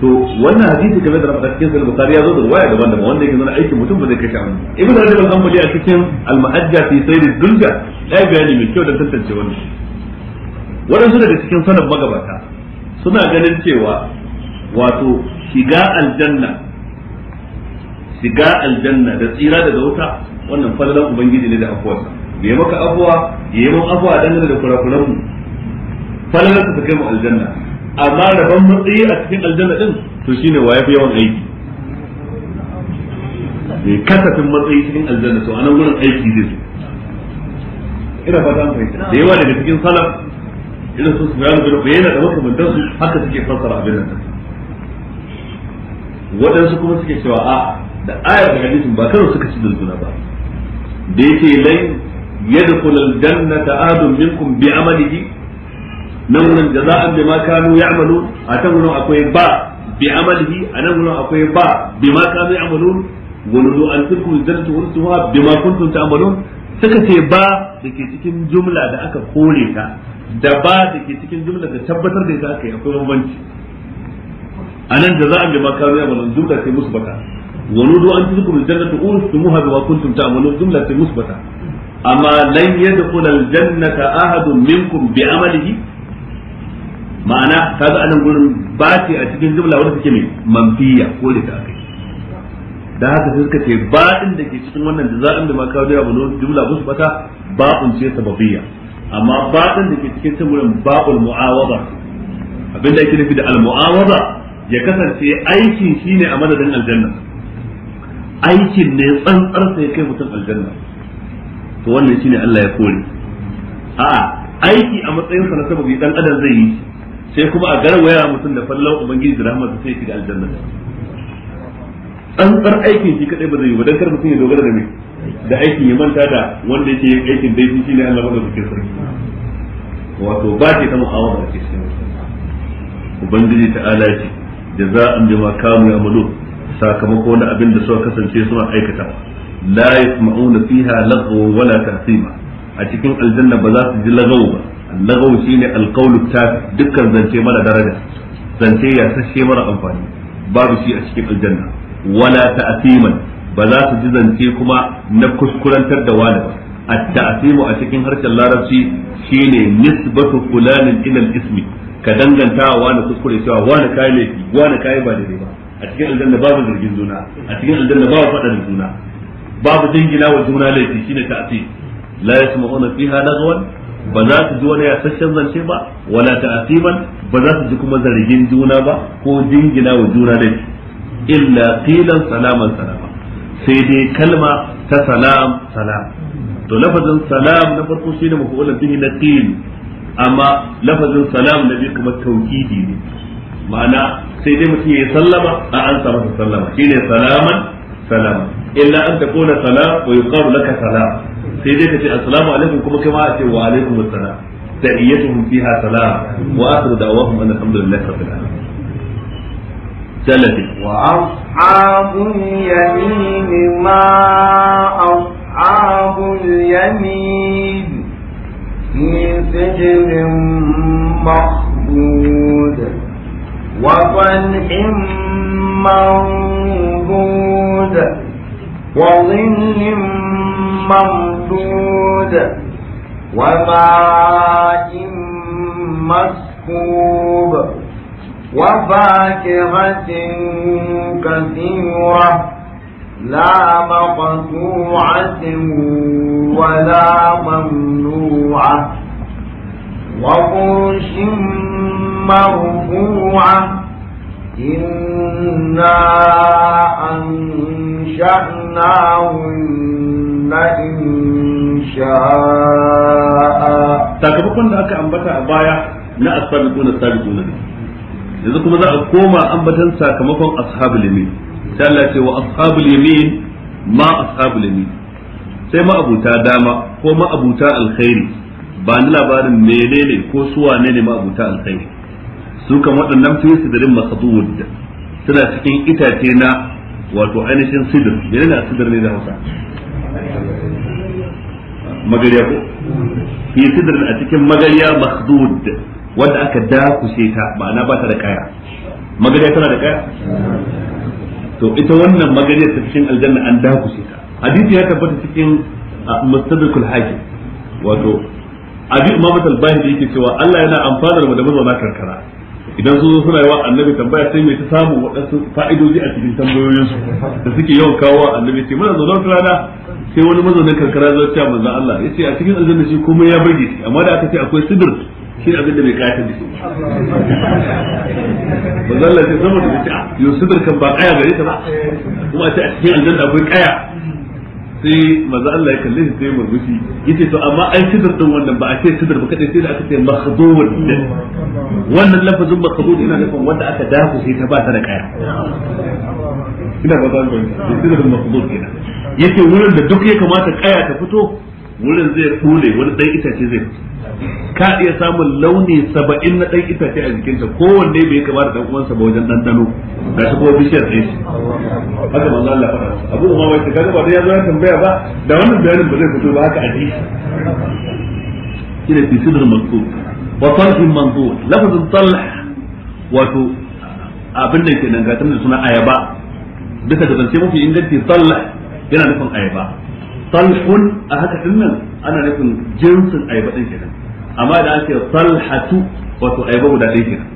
to wannan hadisi kamar da na faɗa cikin sahih bukhari ya zo da waya daban daban wanda yake nuna aikin mutum ba zai kashe wani ibn rajab al-hanbali a cikin al-mahajja fi sayyid dunja ya bayani mai kyau da tantance wannan wadansu daga cikin sanan magabata suna ganin cewa wato shiga aljanna shiga aljanna da tsira daga wuta wannan falalan ubangiji ne da afuwarsa bai maka abuwa yayi mun abuwa dangane da kurakuran mu falalan ka kai mu aljanna amma rabon matsayi a cikin aljanna din to shine waye fi yawan aiki mai kasafin matsayi cikin aljanna to anan gurin aiki zai ina fata an fahimta da yawa daga cikin salaf irin su sufyan bin yana da makamantan su haka suke fassara abin nan waɗansu kuma suke cewa a da ayar da hadisin ba karo suka ci dulzuna ba da yake lai yadkhul aljannata adun minkum bi amalihi nan wurin jaza'an bima kanu ya'malu a can wurin akwai ba bi amalihi a nan wurin akwai ba bima kanu ya'malun wululu an tilkum jannatu urtuha bima kuntum ta'malun suka ce ba da ke cikin jumla da aka kore ta da ba da ke cikin jumla da tabbatar da ita aka yi akwai bambanci a nan jaza'an bima kanu ya'malun jumla ce musbata wululu an tilkum jannatu urtuha bima kuntum ta'malun jumla ce musbata amma lan yadkhul al-jannata ahadun minkum bi amalihi ma'ana ta ga anan gurin ba ce a cikin jumla wani take mai manfiya ko da ta kai da haka sai suka ce ba din da ke cikin wannan da za'in da ma kawo da abu jumla musu bata ba'un ce sababiyya amma ba din da ke cikin ta gurin ba'ul mu'awada abinda yake nufi da al mu'awaba ya kasance aikin shine a madadin aljanna aikin ne tsantsar sai kai mutum aljanna to wannan shine Allah ya kore a'a aiki a matsayin sa na sababi dan adam zai yi sai kuma a garwaya mutum da fallon ubangiji da rahmatu sai shiga aljanna tsantsar aikin shi kadai ba zai yi ba dan kar mutum ya dogara da me da aikin ya manta da wanda yake yin aikin dai shi ne Allah wanda suke sarki wato ba ce ta A ce ubangiji ta Alaji, jaza'an bima kanu ya'malu sakamako na abin da suka kasance suna aikata la yasma'una fiha lagwa wala ta'sima a cikin aljanna ba za su ji lagawa ba lagawu shine alqawlu tafi dukkan zance mara daraja zance ya sashe mara amfani babu shi a cikin aljanna wala ta'siman ba za su ji zance kuma na kuskurantar da wani ba at-ta'simu a cikin harshen larabci shine nisbatu fulanin ila al-ismi ka danganta wa wani kuskure cewa wani kai laifi wani kai ba daidai ba a cikin aljanna babu zargin juna a cikin aljanna babu faɗan juna babu dingina wa juna laifi shine ta'sim la yasma'una fiha lagwan ba za su ji wani yasasshen zance ba wala asiban. ba za su ji kuma zargin juna ba ko jingina wa juna da illa qilan salaman salama sai dai kalma ta salam salam to lafazin salam na farko shine mafi'ulan bihi na qil amma lafazin salam na biyu kuma tawkidi ne ma'ana sai dai mutum ya sallama a an sa masa sallama shine salaman salama illa an takuna salam wa yuqalu laka salam sai dai ka ce assalamu alaikum kuma kai ma a ce wa alaikum assalam da ta'iyyatuhum fiha salam wa akhiru da'wahum alhamdulillahi rabbil alamin جلدي وأصحاب اليمين ما أصحاب اليمين في سجن مخبود وطلح منضود وظل ممدود وماء مسكوب وفاكهة كثيرة لا مقطوعة ولا ممنوعة وفرش مرفوعة إنا أنشأناهن إن شاء sakamakon da aka ambata a baya na asabiqun asabiqun ne yanzu kuma za a koma ambatan sakamakon ashabul yamin sai ce wa ashabul yamin ma ashabul yamin sai ma abuta dama ko ma abuta alkhairi ba ni labarin menene ko suwa ne ne ma alkhairi su kan waɗannan fi sidrin masdud suna cikin itace na wato ainihin sidir menene sidir ne da Hausa magariya ko fi sidrin a cikin magariya mahdud wanda aka dakushe ta ma'ana ba ta da kaya magariya tana da kaya to ita wannan magariya ta cikin aljanna an dakushe ta hadisi ya tabbata cikin mustadrakul hakim wato abi imam al-bahili yake cewa Allah yana amfanar mu da mazauna karkara idan su suna yawa annabi tambaya sai mai ta samu waɗansu fa'idoji a cikin tambayoyinsu da suke yawan kawo annabi ce mana zaune rana sai wani mazaunin karkara zai ce manzon Allah ya ce a cikin aljanna shi komai ya burge shi amma da aka ce akwai sidir shi abin da bai kayatar da shi manzon Allah ce saboda yace ah, yo sidir kan ba kaya gare ta ba kuma a ce a cikin aljanna akwai kaya sai maza Allah ya kalle shi sai murmushi yace to amma ai sidar din wannan ba a ce sidar ba kadai sai da aka ce makhdud wannan lafazin makhdud ina nufin wanda aka dafu sai ta ba ta da kaya ina ba zan ga sidar makhdud kenan yace wurin da duk ya kamata kaya ta fito wurin zai kule wani dan itace zai ka iya samun launi saba'in na dan itace a jikinta kowanne bai kama da dan uwansa ba wajen ɗanɗano ga shi kuma bishiyar ɗaya shi haka manzo Allah faɗa abu ma wai ta kaga ba da ya zo tambaya ba da wannan bayanin ba zai fito ba haka a ji shine fi sidr mansub wa talhin mansub lafazin talh wato abin da ke nan ga da suna ayaba duka da zance mafi inganci talh yana nufin ayaba salhun a haka dinnan ana nufin jinsin ayaba din kenan amma da ake salhatu wato ayaba guda ɗaya kenan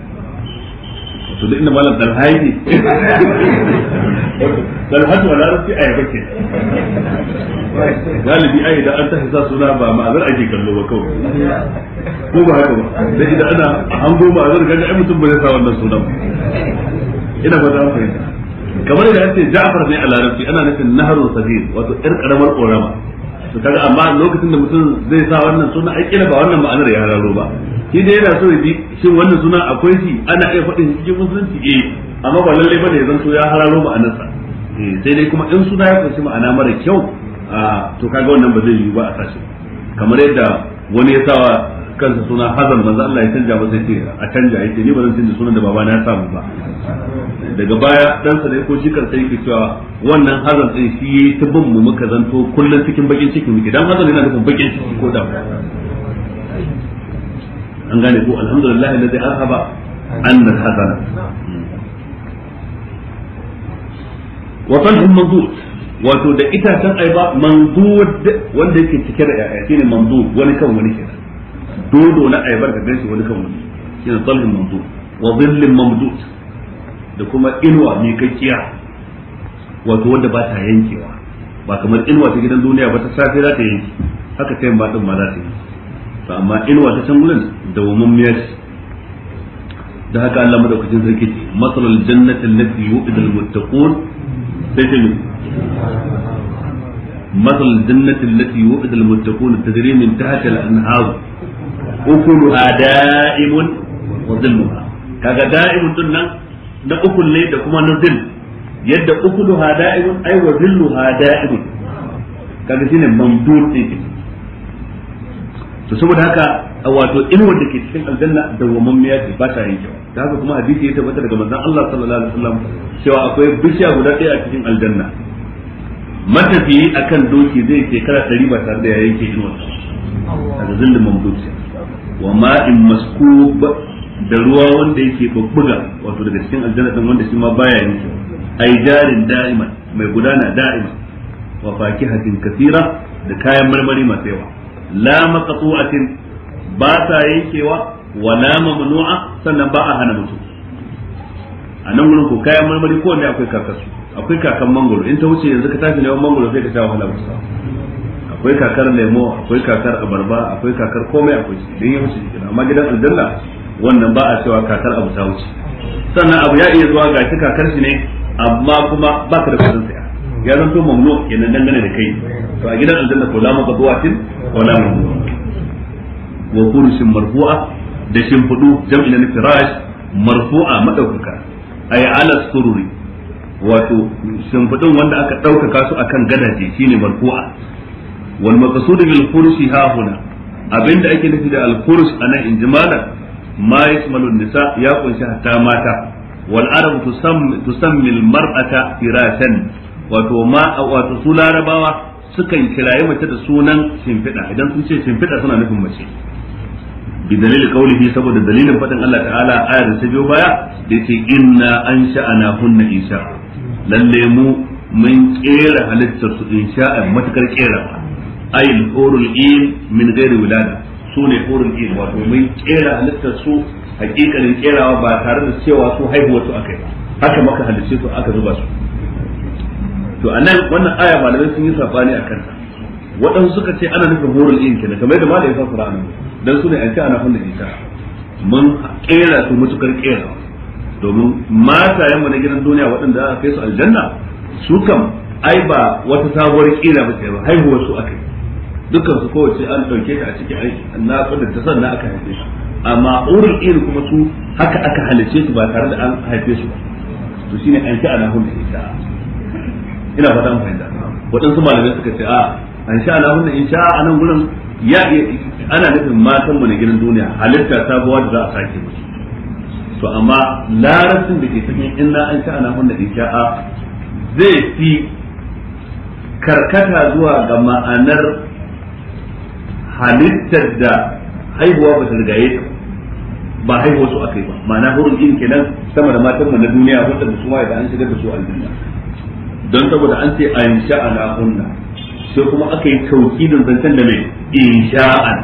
to duk inda malam dalhai ne dalhatu wala rafi ayaba ke galibi ai da an tafi sa suna ba ma'azar ake kallo ba kawai ko ba haka ba dai idan ana a ma'azar ganin ai mutum ba zai sa wannan sunan ina ba za mu fahimta kamar da yace Ja'far ne a larabci ana nufin naharun sabir wato yar karamar korama to kaga amma lokacin da mutum zai sa wannan suna aikila ba wannan ma'anar ya raro ba shi dai yana so ya shin wannan suna akwai shi ana iya faɗin cikin musulunci eh amma ba lalle bane ya zanto ya hararo ma'anarsa eh, sai dai kuma in suna ya kunshi ma'ana mara kyau to kaga wannan ba zai yiwu ba a sashi kamar yadda wani ya sawa kansa suna hazan manzo Allah ya canja masa ce a canja yake ni ba zan canja sunan da babana ya samu ba daga baya ɗansa ne ko jikar sai yake cewa wannan hazan sai shi yayi ta bin mu muka zanto kullun cikin bakin ciki muke dan hazan yana nufin bakin ciki ko da an gane ko alhamdulillah alladhi arhaba anna hazan wa tanhum mandud wato da itacen aiba mandud wanda yake cike da yaya shine mandud wani kan wani kenan dodo na aibar ka ganshi wani kan wani shine talhin mandud wa dhillin mamdud da kuma inuwa mai kakkiya wato wanda ba ta yankewa ba kamar inuwa ta gidan duniya ba ta safe za ta yanke haka ta yamma ma za ta yi to amma inuwa ta can gurin da mummiya miyar. da haka Allah madaukakin sarki ce masalul jannati allati yu'ida muttaqun sai ta مثل الجنة التي وعد المتقون تجري من تحت الأنهار أكلها دائم وظلها كذا دائم تنن na ukul ne da kuma na zil yadda ukulu hada'ibun ai wa zillu hada'ibun kaga shine mamdud din to saboda haka wato in wanda ke cikin aljanna da wamammiya ce ba ta yankewa da haka kuma hadisi ya tabbata daga manzon Allah sallallahu alaihi wasallam cewa akwai bishiya guda ɗaya a cikin aljanna matafiyi akan doki zai shekara ɗari ba tare da ya yanke inuwar kaga zillin mamdud wa ma'in maskub da ruwa wanda yake bubbuga wato daga cikin aljanna din wanda shi ma baya yanke ai jarin da'iman mai gudana da'ima wa fakihatin kathira da kayan marmari masu yawa la maqtu'atin ba ta yankewa wa la mamnu'a sannan ba a hana mutum a nan gurin ko kayan marmari ko wanda akwai karkasu akwai kakan mangoro in ta wuce yanzu ka tafi neman mangoro sai ka sha wahala ba akwai kakar lemo akwai kakar abarba akwai kakar komai akwai shi idan ya wuce amma gidan aljanna wannan ba a cewa kakar abu ta wuce sannan abu ya iya zuwa gashi kakar shi ne amma kuma ba ka da kudin saya ya zanto ya nan dangane da kai to a gidan aljanna ko lamu maqduwatin wa ko lamu wa kursin marfu'a da fudu jam'i na firash marfu'a madaukaka ay ala sururi wato fudun wanda aka daukaka su akan gadaje shine marfu'a wal maqsudu bil kursi ha huna abinda ake nufi da al kurs anan injimala ma yashmalu ya ƙunshi hatta mata wal arabu tusammi al mar'ata firashan wato ma wato su larabawa sukan kirayi mace da sunan shimfiɗa idan sun ce shimfiɗa suna nufin mace bi dalilin kaulihi saboda dalilin fadin Allah ta'ala ayar da ta biyo baya da yake inna an sha'ana hunna insha lalle mu mun kera halittar su insha matukar kera ayil hurul in min gairi wilada su ne burin in wato mai kera halittar su hakikanin kerawa ba tare da cewa su haihuwar su akai haka maka halice su aka zuba su to anan wannan aya malamai sun yi sabani a kanta waɗansu suka ce ana nufin burin yin kenan kamar da malai ya fara anan dan su ne an ce ana fannin ita mun kera su mutukar kera domin matayen mu na gidan duniya waɗanda aka kai su aljanna su kam ai ba wata sabuwar kira ba ce ba haihuwar su yi dukkan su kowace an dauke ta a cikin na kudin ta sannan aka haife su amma urul iri kuma su haka aka halice su ba tare da an haife su ba to shine an sha ana hunna insha ina fata mun fahimta waɗansu malamai suka ce a an sha ana hunna insha a nan gurin ya ana nufin matan mu na gidan duniya halitta sabuwa da za a sake musu to amma larabcin da ke cikin inna an sha ana hunna insha zai fi karkata zuwa ga ma'anar halittar da haihuwa ba ta rigaye ba haihuwa su akai ba ma'ana hurun in kenan sama da matan mu na duniya wanda su ma da an shigar da su aljanna don saboda an ce an sha'ana hunna sai kuma aka yi taukidin zancen da mai insha'an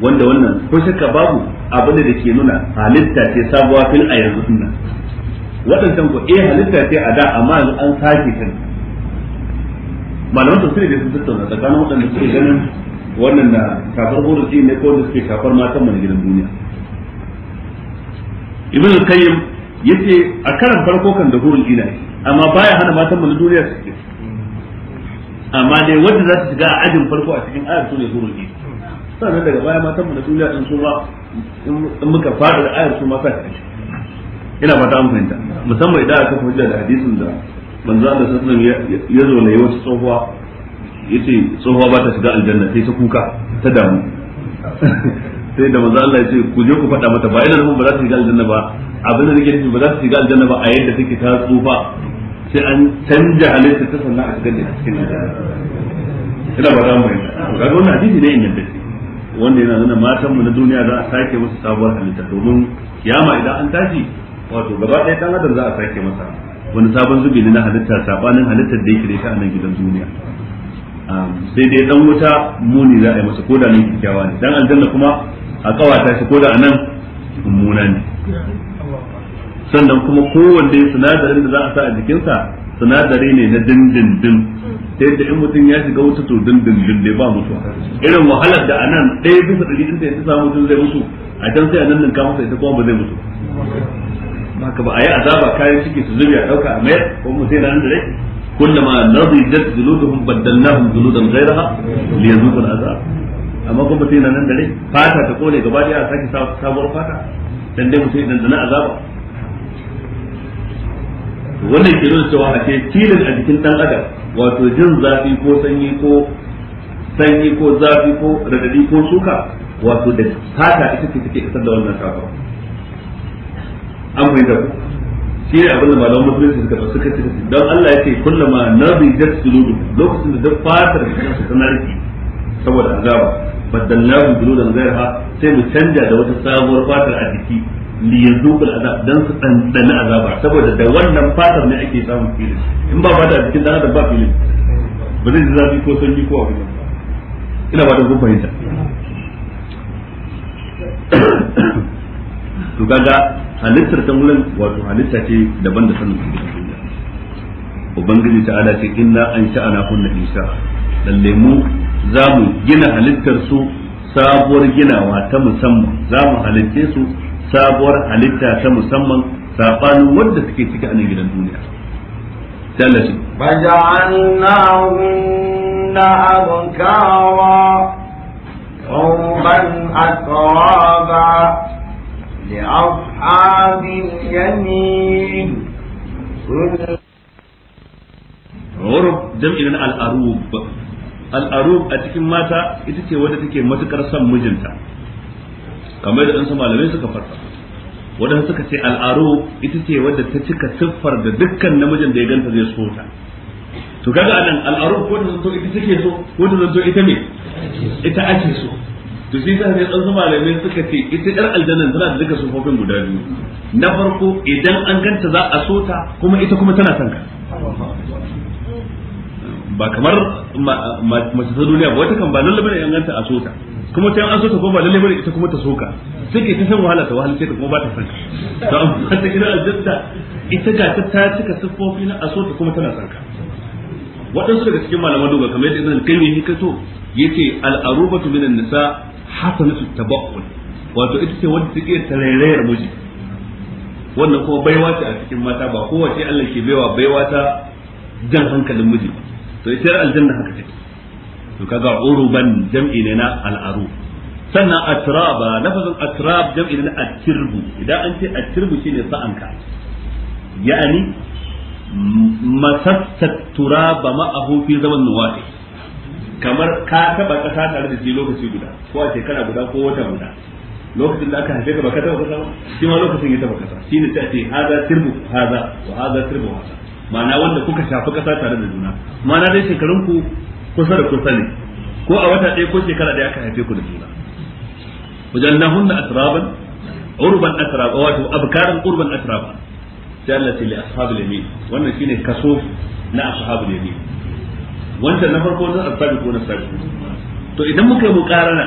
wanda wannan ko shakka babu abin da ke nuna halitta ce sabuwa fil a yanzu dinnan waɗancan ko eh halitta ce a da amma an sake ta malaman tafsiri da sun tattauna tsakanin waɗanda suke ganin wannan na kafar hurufi ne ko da suke kafar matan mai gidan duniya ibn al-qayyim yace a karan farko kan da hurul ina amma baya hana matan mai duniya suke amma dai wanda za ta shiga a ajin farko a cikin ayar sune hurul ina sannan daga baya matan mai duniya din su ma in muka fada da ayar su ma sa ta ina ba ta an fahimta musamman idan aka hujja da hadisin da manzo Allah sallallahu alaihi wasallam ya zo ne wasu tsohuwa yace tsohuwa ba ta shiga aljanna sai ta kuka ta damu sai da manzo Allah yace ku je ku faɗa mata ba ina nufin ba za ta shiga aljanna ba abin da nake nufi ba za ta shiga aljanna ba a yadda take ta tsufa sai an canja halitta ta sannan a shigar da cikin aljanna ina ba za mu yi kaga wannan hadisi ne in yadda wanda yana nuna matan mu na duniya za a sake musu sabuwar halitta domin kiyama idan an tashi wato gaba ɗaya dan adam za a sake masa wani sabon zubi ne na halitta sabanin halittar da yake da ita a nan gidan duniya sai dai dan wuta muni za a yi masa koda nan kyakkyawa ne dan aljanna kuma a kawata shi koda anan mummuna ne sannan kuma kowanne sinadarin da za a sa a jikinsa sinadari ne na dindindin ta yadda in mutum ya shiga wuta to dindindin dai ba mutuwa irin wahalar da anan ɗaya bisa ɗari ɗin da ya samu mutum zai mutu a can sai a nan ninka masa ita kuma ba zai mutu haka ba a yi azaba kayan ciki su zubi a ɗauka a mayar ko mu sai ranar da rai كلما نضجت جلودهم بدلناهم جلودا غيرها ليذوقوا العذاب amma kuma sai nan dare fata ta kone gaba daya a sake sabuwar fata dan dai mutum idan azaba wannan ke nuna cewa filin a jikin dan adam wato jin zafi ko sanyi ko sanyi ko zafi ko radadi ko suka wato da fata ita ce take isar da wannan an ku shi ne abin da malamin musulunci suka fi suka ce don Allah ya ce na nabi jat suludu lokacin da duk fatar da kansu ta narki saboda azaba da zai ha sai mu canja da wata sabuwar fatar a jiki li yazuqul azab dan su dandana azaba saboda da wannan fatar ne ake samun filin in ba fata a jikin dan adam ba filin ba zai ji zafi ko sanyi ko abin ina ba da kun fahimta to kaga halittar ta wurin wato halitta ce daban da sanin duniya. ubangiji ta ala ce inna an ana kunna isa lalle mu za mu gina halittar su sabuwar ginawa ta musamman za mu halitte su sabuwar halitta ta musamman sabanin wanda suke ciki a nan gidan duniya tallace فجعلناهن أبكارا عربا أترابا لأصحاب اليمين عرب جمع لنا الأروب الأروب أتكلم ماتا إتكي ودا تكي متكر سم مجنتا kamar da ɗansu malamai suka farta wadda suka ce al'aro ita ce wadda ta cika siffar da dukkan namijin da ya ganta zai so ta to kaga anan al'aro ko da zanto ita take so ko da zanto ita ne ita ake so to shi ta ne ɗansu malamai suka ce ita ɗar aljanna tana da duka sufofin guda biyu na farko idan an ganta za a so ta kuma ita kuma tana son ka ba kamar mace ta duniya ba wata kan ba lalle bane an ganta a so ta kuma ta an so ta ko ba lalle bane ita kuma ta so ka take ta san wahala ta wahala ce ta kuma ba ta son ka to amma ta ina aljanna ita ga ta cika sufofi na a so ta kuma tana son ka waɗansu daga cikin malaman doga kamar yadda idan al-qayyim yake so yace al-arubatu minan nisa hasanatu tabaqqul wato ita ce wanda take tarairayar miji wannan kuma baiwa ce a cikin mata ba kowace Allah ke baiwa baiwa ta jan hankalin miji to ita aljanna haka take to kaga uruban jam'i ne na al'aru sannan atraba lafazin atrab jam'i ne na atirbu idan an ce atirbu shine sa'anka ya'ani masassat turaba ma'ahu fi zaman nuwahi kamar ka taba kasa tare da shi lokaci guda ko a shekara guda ko wata guda lokacin da aka haife ka baka taba kasa ba shi ma lokacin ya taba kasa shi ne ta ce haza tirbu haza wa haza tirbu haza ma'ana wanda kuka shafi kasa tare da juna ma'ana dai shekarun ku kusa da kusa ne ko a wata ɗaya ko shekara ɗaya aka haife ku da juna Wajen na wajannahunna asraban urban asraba wato abkaran urban asraba. sai Allah ce li ashabul yamin wannan shine kaso na ashabul yamin wancan na farko na asabi ko na sabi to idan muka yi mukarana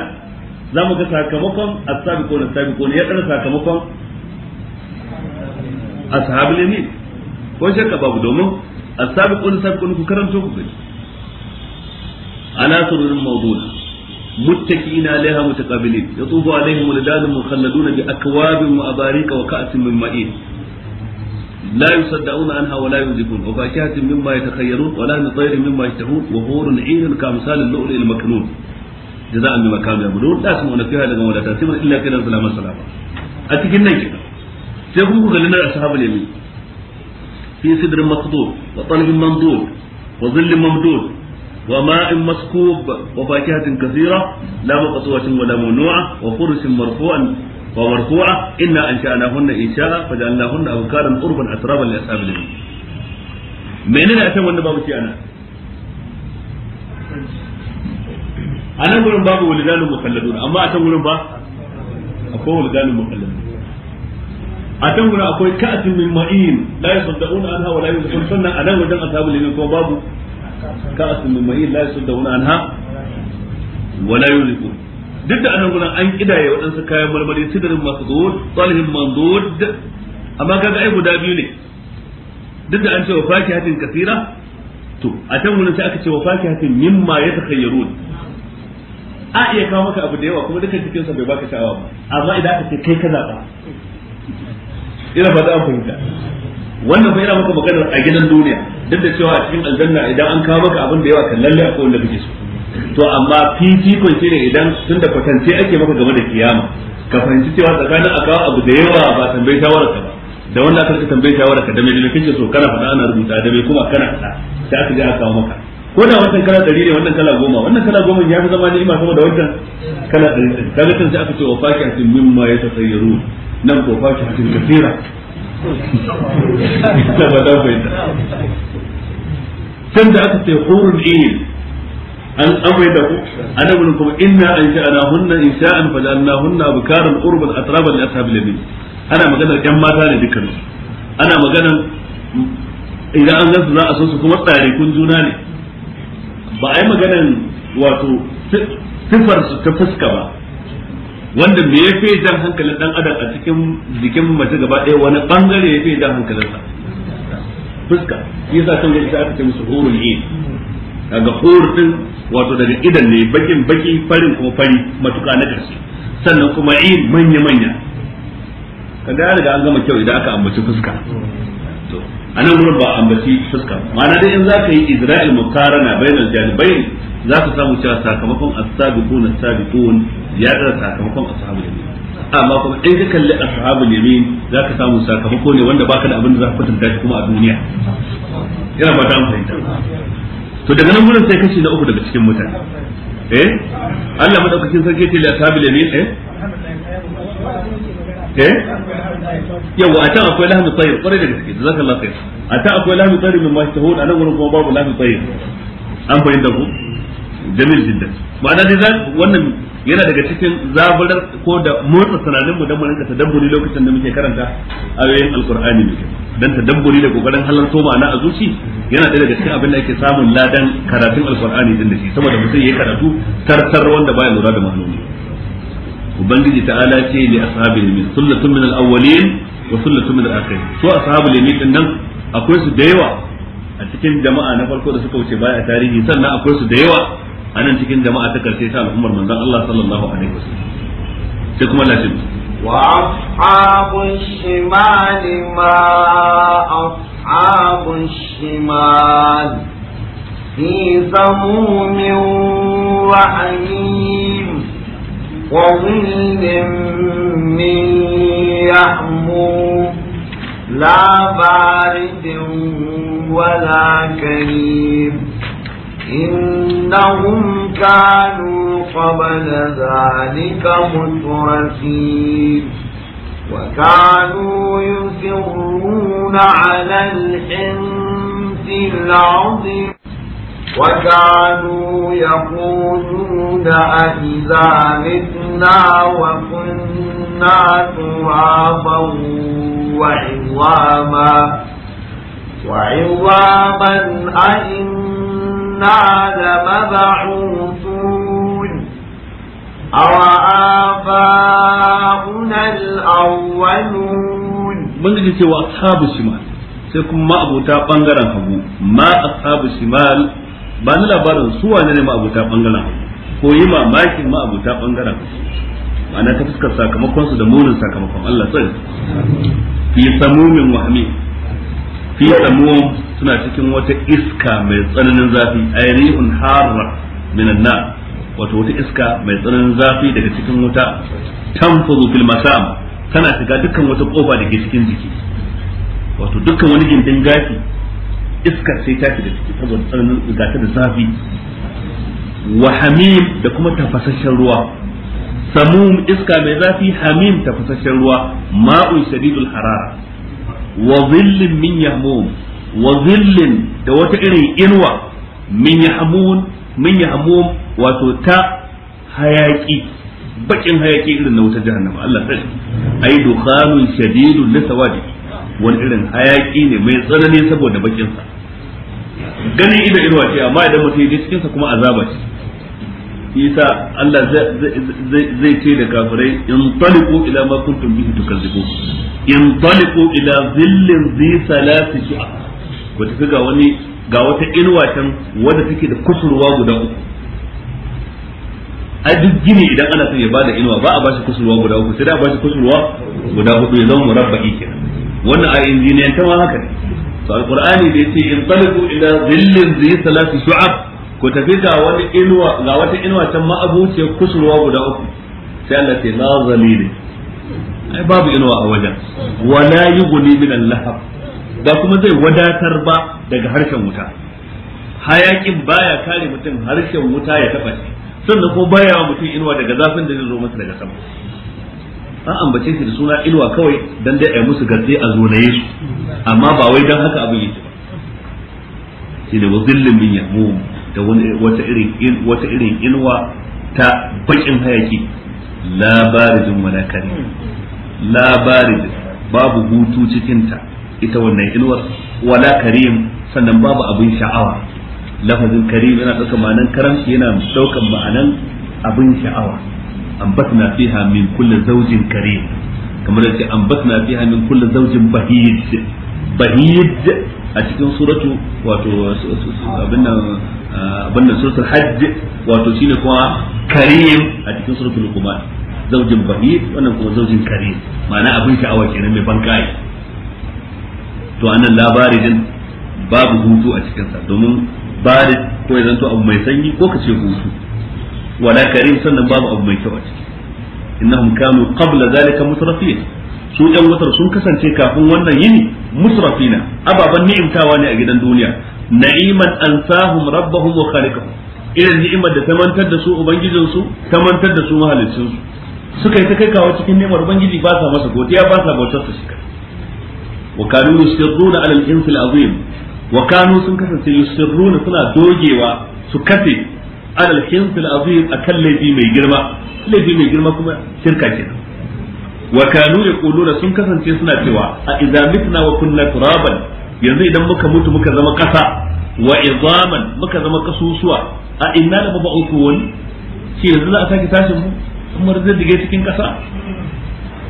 za mu ga sakamakon asabi ko na sabi ko ne ya tsara sakamakon ashabul yamin ko shakka babu domin asabi ko na sabi ko ku karanto ku gani ana sururin mawdu'a متكئين عليها متقابلين يطوف عليهم ولدان مخلدون بأكواب وأباريك وكأس من معين لا يصدعون عنها ولا ينزفون وفاكهة مما يتخيرون ولا من طير مما يشتهون وحور عين كامثال اللؤلؤ المكنون جزاء بما كانوا يعملون لا يسمعون فيها لغوا ولا تأثيما إلا كلا سلاما سلاما أتكن نجد سيكون لنا أصحاب اليمين في سدر مقدور وطلب منضور وظل ممدود وماء مسكوب وفاكهة كثيرة لا مقصوة ولا ممنوعة وفرش مرفوع wa marfu'a inna ansha'nahunna insha'a faj'alnahunna abkaran urban asraban li ashabil menene a can wanda babu shi ana a nan gurin babu walidanun mukalladun amma a can gurin ba akwai walidanun mukalladun a can gurin akwai ka'atin min ma'in la yasaddauna anha wa la yuzun sannan a nan wajen ashabul yamin kuma babu ka'atin duk da anan gurin an kidaye waɗansu kayan marmari sidirin masdud talhin mandud amma kaga ai guda biyu ne duk da an ce wa faki fakihatin kasira to a can wurin sai aka ce wa faki fakihatin mimma ta yatakhayyarun a iya kawo maka abu da yawa kuma dukkan cikin sa bai baka sha'awa ba amma idan aka ce kai ka zaba ina ba an fahimta wannan bai yana maka maganar a gidan duniya duk da cewa a cikin aljanna idan an kawo maka abin da yawa kan lalle akwai wanda kake so to amma fifikon shi ne idan tun da kwatance ake maka game da kiyama ka fahimci cewa tsakanin a kawo abu da yawa ba tambayi shawarar ka ba da wanda aka ka tambayi shawarar ka da me kake so kana faɗa ana rubuta da mai kuma kana faɗa sai aka je aka kawo maka ko da wannan kala ɗari ne wannan kala goma wannan kala goma ya fi zama ni'ima sama da wannan kala ɗari ɗin kaga tun sai aka ce wa cikin mimma ya tasayyaru nan ko faki a cikin ba da fahimta can da aka ce hurun in an amai da ku ana gurin kuma inna an sha'ana hunna in sha'an fa na hunna bukaran qurban atraban li ashabil yamin ana maganar yan mata ne dukkan ana maganar idan an gansu za a so su kuma tsare kun juna ne ba a yi maganar wato sifar su ta fuska ba wanda me ya fi jan hankalin dan adam a cikin jikin mace gaba ɗaya wani bangare ya fi jan hankalinsa fuska shi yasa kan gaji aka ce musu hurun ain kaga hur din wato daga idan ne bakin baki farin kuma fari matuka na gaske sannan kuma in manya manya kaga ya riga an gama kyau idan aka ambaci fuska to anan gurin ba ambaci fuska ma'ana dai in zaka yi izra'il mukarana bainal janibain ka samu cewa sakamakon as-sabiqun as-sabiqun ya da sakamakon ashabu yamin amma kuma in ka kalli ashabu yamin ka samu sakamako ne wanda baka da abin da za ka da shi kuma a duniya yana ba ta fahimta to daga nan gurin sai kashi na uku daga cikin mutane eh Allah madaukakin sarki ce la sabil yamin eh eh yawa a can akwai lahmi tsayir kwarai da gaske jazakallahu khair a can akwai lahmi tsayir min mashtahud anan gurin kuma babu lahmi tsayir an fahimta ku jamil jiddan ma'ana dai wannan yana daga cikin zaburar ko da motsa tunaninmu dan mu rinka tadabburi lokacin da muke karanta ayoyin alqur'ani ne dan tadabburi da kokarin halarto ma'ana a zuci yana daga cikin abin da ake samun ladan karatun alqur'ani din da shi saboda mutum yayi karatu tartar wanda baya lura da ma'anoni ubangiji ta'ala ce li ashabil min sullatun min al-awwalin wa sullatun min al-akhirin so ashabul yamin din nan akwai su da yawa a cikin jama'a na farko da suka wuce baya tarihi sannan akwai su da yawa anan cikin jama'a ta karshe ta al'ummar manzon Allah sallallahu alaihi wasallam sai kuma lafi وأصحاب الشمال ما أصحاب الشمال في سموم وحميم وظل من يحموم لا بارد ولا كريم إنهم كانوا قبل ذلك مترفين وكانوا يسرون على الحنث العظيم وكانوا يقولون أئذا متنا وكنا ترابا وعظاما وعظاما أئنا إنا لمبعوثون أوآباؤنا الأولون من جدي سوى أصحاب الشمال سيكون ما أبو تاب بانغران هبو ما أصحاب الشمال ba ni labarin su wane ne ma'abuta bangaren ko yi mamakin ma'abuta bangaren ana ta fuskar sakamakonsu da munin sakamakon Allah sai fi samumin wahmi fi samum suna cikin wata iska mai tsananin zafi ayrihun harra minan nar wato wata iska mai tsananin zafi daga cikin wuta tanfudu fil masam tana shiga dukkan wata kofa da ke cikin jiki wato dukkan wani gindin gafi iska sai ta shiga ciki saboda tsananin gata da zafi wa hamim da kuma tafasasshen ruwa samum iska mai zafi hamim tafasasshen ruwa ma'un shadidul harara wa zillin da wata irin inuwa min yahmun wato ta hayaƙi, baƙin hayaƙi irin na wutar jahannama Allah sai ai dukhanun shadidun na sawadi wani irin hayaƙi ne mai tsanani saboda baƙinsa. sa ganin ido inuwa ce amma idan mutum ya je cikin kuma azaba ce isa Allah zai ce da kafirai in taliku ila ma kuntum bihi tukazzibu in taliqu ila zillin zi salati shi'a ku tafi ga wani ga wata inuwa can wadda take da kusurwa guda uku a duk gini idan ana son ya bada inuwa ba a bashi kusurwa guda uku sai da a bashi kusurwa guda hudu ya zama murabba'i kenan wannan a injiniyan ta ma haka ne to alqur'ani da yace in taliku ila zillin zi salati shu'ab ku tafi ga wani inuwa ga wata inuwa can ma'abuciyar kusurwa guda uku sai Allah ce na zalili ai babu inuwa a wajen wala yughni min al-lahab da kuma zai wadatar ba daga harshen wuta hayakin baya kare mutum harshen wuta ya taba shi sannan ko baya wa mutum inuwa daga zafin da zai zo masa daga sama an ambace shi da suna inuwa kawai dan dai ai musu gardi a zonaye su amma ba wai dan haka abin yake ba shi da wazillin min yamum da wata irin wata irin inuwa ta bakin hayaki labarijin kare. labarijin babu hutu cikinta ita wannan inuwar wala karim sannan babu abin sha'awa lafazin karim yana ɗauka ma'anan karamci yana ɗaukan ma'anan abin sha'awa ambatna fiha min kulli zawjin karim kamar da ce ambatna fiha min kulli zawjin bahid bahid a cikin suratu wato abin nan abinda suratul hajj wato shine kuma karim a cikin suratul luqman zaujin bahir wannan kuma zaujin karim ma'ana abin sha'awa kenan mai bankai to annan labari din babu hutu a cikin sa domin bari ko ya zanto abu mai sanyi ko kace hutu wala karim sannan babu abu mai kyau a ciki innahum kanu qabla zalika musrafin su ɗan wutar sun kasance kafin wannan yini musrafina ababen ni'imtawa ne a gidan duniya na'iman ansahum rabbahum wa khaliqahum irin ni'imar da ta da su ubangijin su da su mahalicinsu, su suka yi kai kawo cikin ni'imar ubangiji ba sa masa godiya ba sa bautar su shika wa kanu yusirruna ala al-insi al-azim wa kanu sun kasance yusirruna suna dogewa su kafe ala al-insi al-azim akan laifi mai girma laifi mai girma kuma shirka ce. wa kanu yaquluna sun kasance suna cewa a idza mitna wa kunna turaban yanzu idan muka mutu muka zama ƙasa, wa izaman muka zama kasusuwa a inna da baba uku wani shi yanzu za a sake tashin mu zai rizdige cikin kasa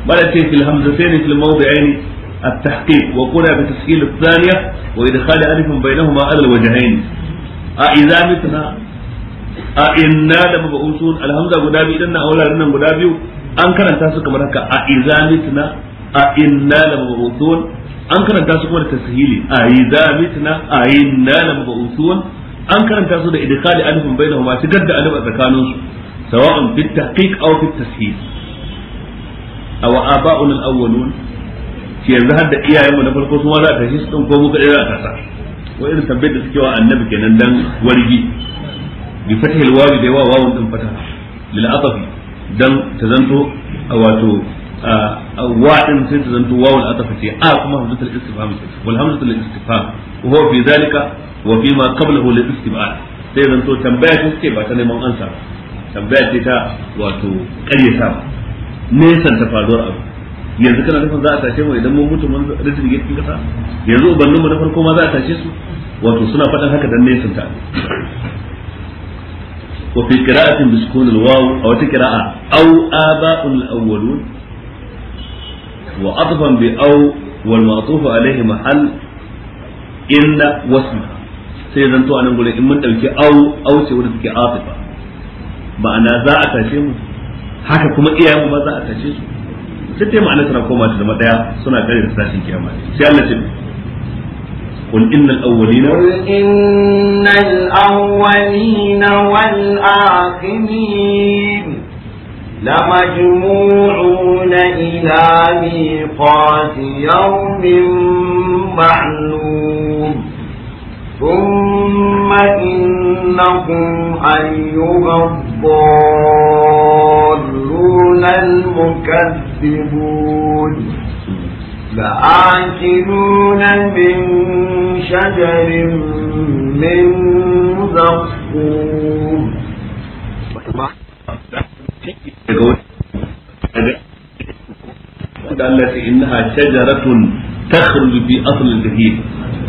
bala ce fil ne fil mawdi'ain التحقيق وقرأ a الثانية وإدخال ألف بينهما على الوجهين أإذا alhamza guda biyu الهمزة na إذن nan guda biyu an karanta su kamar haka a iza mitna a inna la mabu'uthun an karanta su kuma da tashili a idza mitna a inna la mabu'uthun an karanta su da idkhali alifin bai bainahuma shigar da alif a tsakanin su sawa'un fit tahqiq aw fit tashil aw aba'un al awwalun shi yanzu har da iyayenmu na farko su ma za a tashi su ko mu kadai za a tasa wa irin tambayar da suke wa annabi kenan dan wargi bi fathil wawi da yawa wawun din fata lil atafi dan ta zanto wato wa din sai ta zanto wawul adafa ce a kuma hamzatul istifham ce wal hamzatul istifham wa huwa fi zalika wa fi ma qablahu lil istib'al sai zanto tambaya ce ce ba ta neman ce ta wato yanzu kana nufin za a tashe mu idan mun mutu mun rajin gidan kasa yanzu ubannin mu na farko ma za a tashe su wato suna faɗan haka dan nesan ta wa fi qira'atin bi sukun al-waw aw ta qira'a aw aba'ul awwalun وعطفا بأو والمعطوف عليه محل إلا واسمها سيدنا تو أنا نقول إن من أوكي أو أو سيدنا عاطفة ma'ana za a tashe mu haka kuma iyayen ma za a tashe su sai dai ma'ana tana koma ta suna kare da sai Allah ce قل إن الأولين قل إن الأولين والآخرين لمجموعون إلى ميقات يوم معلوم ثم إنكم أيها الضالون المكذبون لآكلون من شجر من زقوم da Allah ce innaha shajaratun takhruju fi asl al-jahim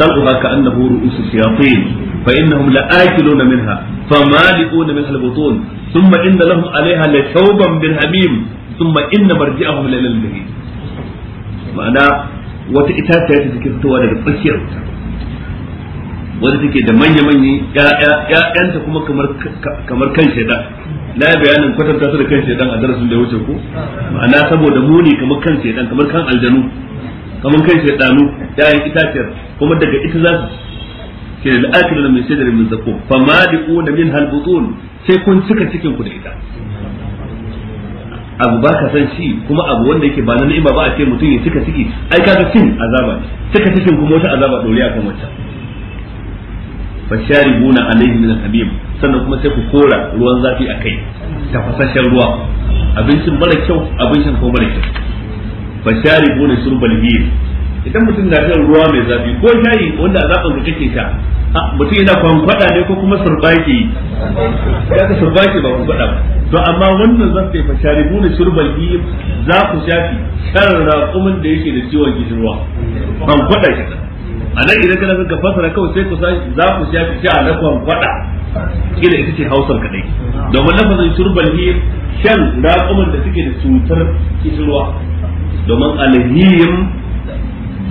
talquha ka'annahu ru'usu shayatin لآكلون منها فمالئون منها البطون ثم لهم عليها لشوبا من حميم ثم مرجعهم الجحيم wata itaciya da manya-manyan ƴaƴanta kuma kamar kan shaida na bayanin kwatanta su da kan shaidan a darasin da ya wuce ko ma'ana saboda muni kamar kan shaidan kamar kan aljanu kamar kan shaidanu yayin itaciyar kuma daga ita za su ke da al'akil min da min zako. fa madiqu da min halbutun sai kun cika cikin ku da ita abu ba ka san shi kuma abu wanda yake ba na ni'ima ba a ce mutum ya cika ciki ai ga cin azaba cika cikin kuma wata azaba doriya kan wancan fasharibuna alaihi min al-hamim sannan kuma sai ku kora ruwan zafi akai tafasasshen ruwa abincin mara kyau abincin ko mara kyau fasharibuna shurbal bir idan mutum na shan ruwa mai zafi ko shayi wanda a zaɓin ka kake sha mutum yana kwankwada ne ko kuma surbaki ya ka surbaki ba kwankwada ba to amma wannan zan fa sharibu ne shurbal bir za ku shafi shan raƙumin da yake da ciwon kishirwa kwankwada kenan a nan idan kana ka fasara kawai sai ku za ku shafi sha lafan fada kila ita ce hausar kadai domin lafazin shurbal hir shan raƙuman da suke da cutar kishirwa domin alhim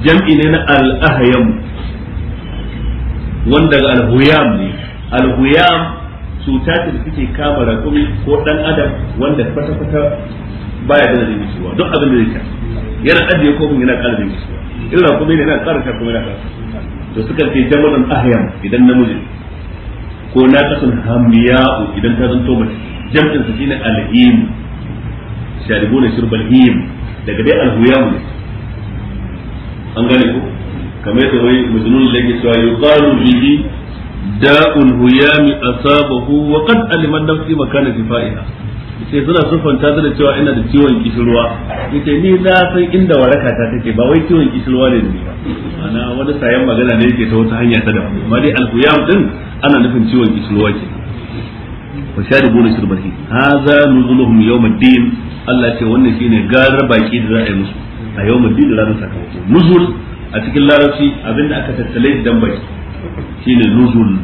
jam'i ne na al'ahayam wanda alhuyam ne alhuyam cuta ce da suke kama rakumi ko dan adam wanda fata-fata baya da zai suwa duk abin da zai sha yana ajiye kofin yana ƙara zai kishirwa in kuma ne na ta kuma na ƙasa to suka ce jamalun ahyam idan namiji ko na ƙasan hamiya'u idan ta zanto mace jam'in su shine alhim sharibu ne shirbal him daga dai alhuyam ne an gane ko kamar yadda wai majnun da yake cewa yuqalu bihi da'ul huyami asabahu wa qad alima nafsi makana difaiha sai suna siffanta ta da cewa ina da ciwon kishirwa yace ni na san inda waraka ta take ba wai ciwon kishirwa ne da ni ba ana wani sayan magana ne yake ta wata hanya ta da amma dai alhuyam din ana nufin ciwon kishirwa ke wa sharibuna shurbahi hadha nuzuluhum yawm ad-din Allah ce wannan shine garar baki da za a yi musu a yawm ad-din ranar sakamako nuzul a cikin larabci abinda aka tattale dan baki shine nuzul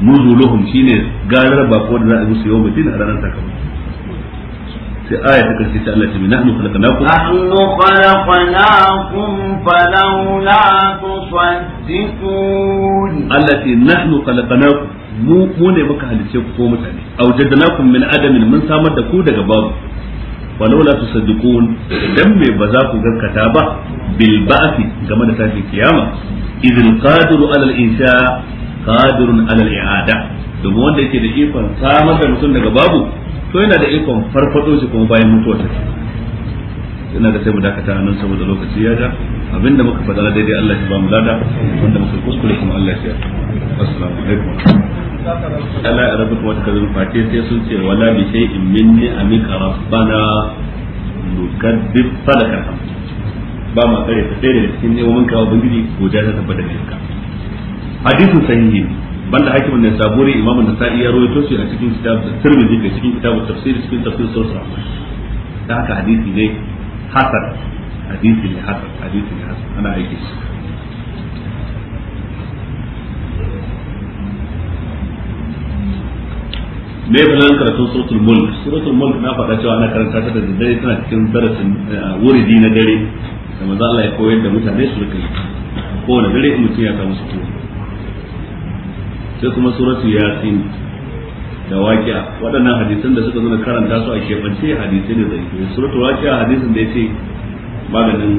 nuzuluhum shine garar bako da za a yi musu yawm ad a ranar sakamako sai aya ta karshe ta Allah ta bi nahnu khalaqnakum nahnu khalaqnakum falawla tusaddiqun Allah ta nahnu khalaqnakum mu mu ne muka halice ku ko mutane awjadnakum min adamin mun samar da ku daga babu falawla tusaddiqun dan me ba za ku gaskata ba bil ba'thi game da tashin kiyama idil qadiru ala al insha qadirun ala al i'ada domin wanda yake da ikon samar da mutum daga babu to yana da ikon farfado shi kuma bayan mutuwa ta ina da sai mu dakata nan saboda lokaci ya ja abinda muka faɗa na daidai Allah ya ba mu lada wanda muka kuskure kuma Allah ya assalamu alaikum Allah ya rabu kuma takazin fate sai sun ce wala bi shay'in minni amika rabbana nukaddib sadaka ba ma kare ta sai da cikin neman kawo bangiji ko ta tabbata ka hadisin sahihi banda hakim ne saburi imamu da sa'i ya rawaito shi a cikin kitab tirmidhi kai cikin kitab tafsir cikin tafsir sosa da haka hadisi ne hasan hadisi ne hasan hadisi ne hasan ana aiki shi me fa nan karatun suratul mulk suratul mulk na faɗa cewa ana karanta ta da dare tana cikin darasin eh, wuridi na dare da manzo Allah ya koyar da mutane su rika kowane dare mutum ya samu su sai kuma suratu yasin da waqi'a waɗannan hadisan da suka zo karanta su a kebance hadisai ne zai suratu waqi'a hadisin da yace maganin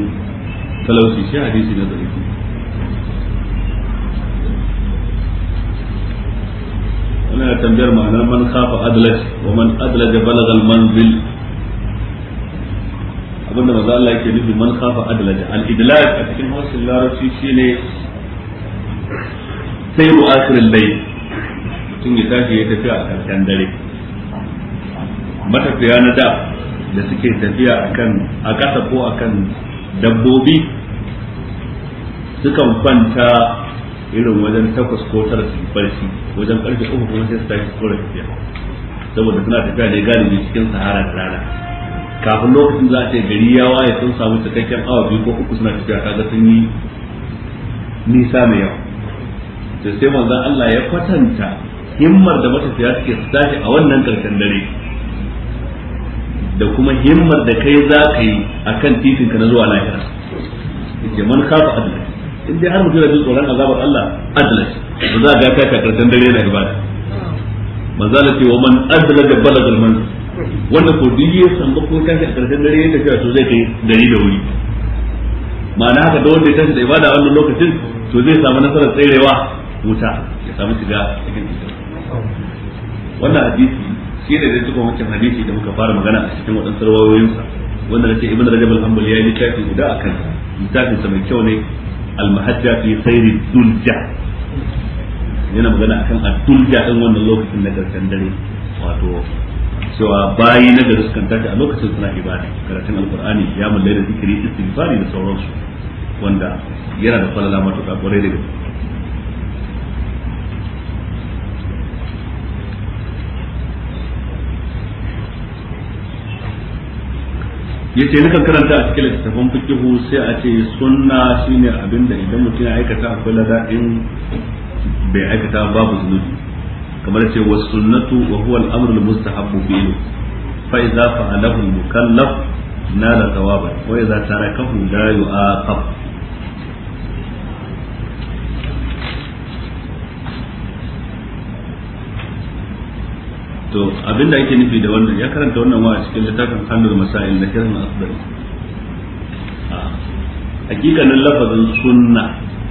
talauci shi hadisi ne zai ana tambayar ma'anar man khafa adlaj wa man adlaj balagha al manzil abinda maza Allah yake nufi man khafa adlaj al idlaj a cikin hausin larabci shine sai mu asirin lai mutum ya tashi ya tafiya a karshen dare matafiya na da da suke tafiya kan a ƙasa ko a kan dabbobi sukan kwanta irin wajen takwas ko tara su barci wajen karfe uku kuma sai su tashi kora tafiya saboda suna tafiya ne galibi cikin sahara da rana kafin lokacin za a ce gari ya waye sun samu cikakken awa biyu ko uku suna tafiya kaga sun yi nisa mai yawa da sai manzon Allah ya kwatanta himmar da matafiya suke su tashi a wannan karshen dare da kuma himmar da kai za ka yi kan titin ka na zuwa lahira yace man kafa adalci in dai har mutum da jin tsoron azabar Allah adalci ba za a ga ka karshen dare yana ibada manzala ce wa man adala da balagal man wanda ko duk ya ba ko tashi a karshen dare ya cewa to zai kai gari da wuri ma'ana haka da wanda ya tashi da ibada a wannan lokacin to zai samu nasarar tserewa wuta ya samu shiga cikin ita wannan hadisi shi ne da suka wancan hadisi da muka fara magana a cikin waɗansu rawayoyinsa wanda na ce ibn rajab al-hanbal ya yi littafi guda a kan sa mai kyau ne al-mahajja fi sayri dulja yana magana akan ad-dulja din wannan lokacin na karshen dare wato cewa bayi na da suka tashi a lokacin suna ibada karatun Al-Qur'ani ya mallai da zikiri istighfari da sauransu wanda yana da falala matuƙa ƙwarai da gaske yace na kan karanta a cikin littafin fikihu sai a ce sunna shine abin da idan mutum ya aikata akwai lada in bai aikata babu zunubi kamar ce was sunnatu wa huwa al-amru al-mustahabbu fihi fa idza fa'alahu mukallaf nala thawaban wa idza tarakahu la yu'aqab to abinda ake nufi da wannan ya karanta wannan wa a cikin littafin hannun masail na shirin asbari hakikanin lafazin sunna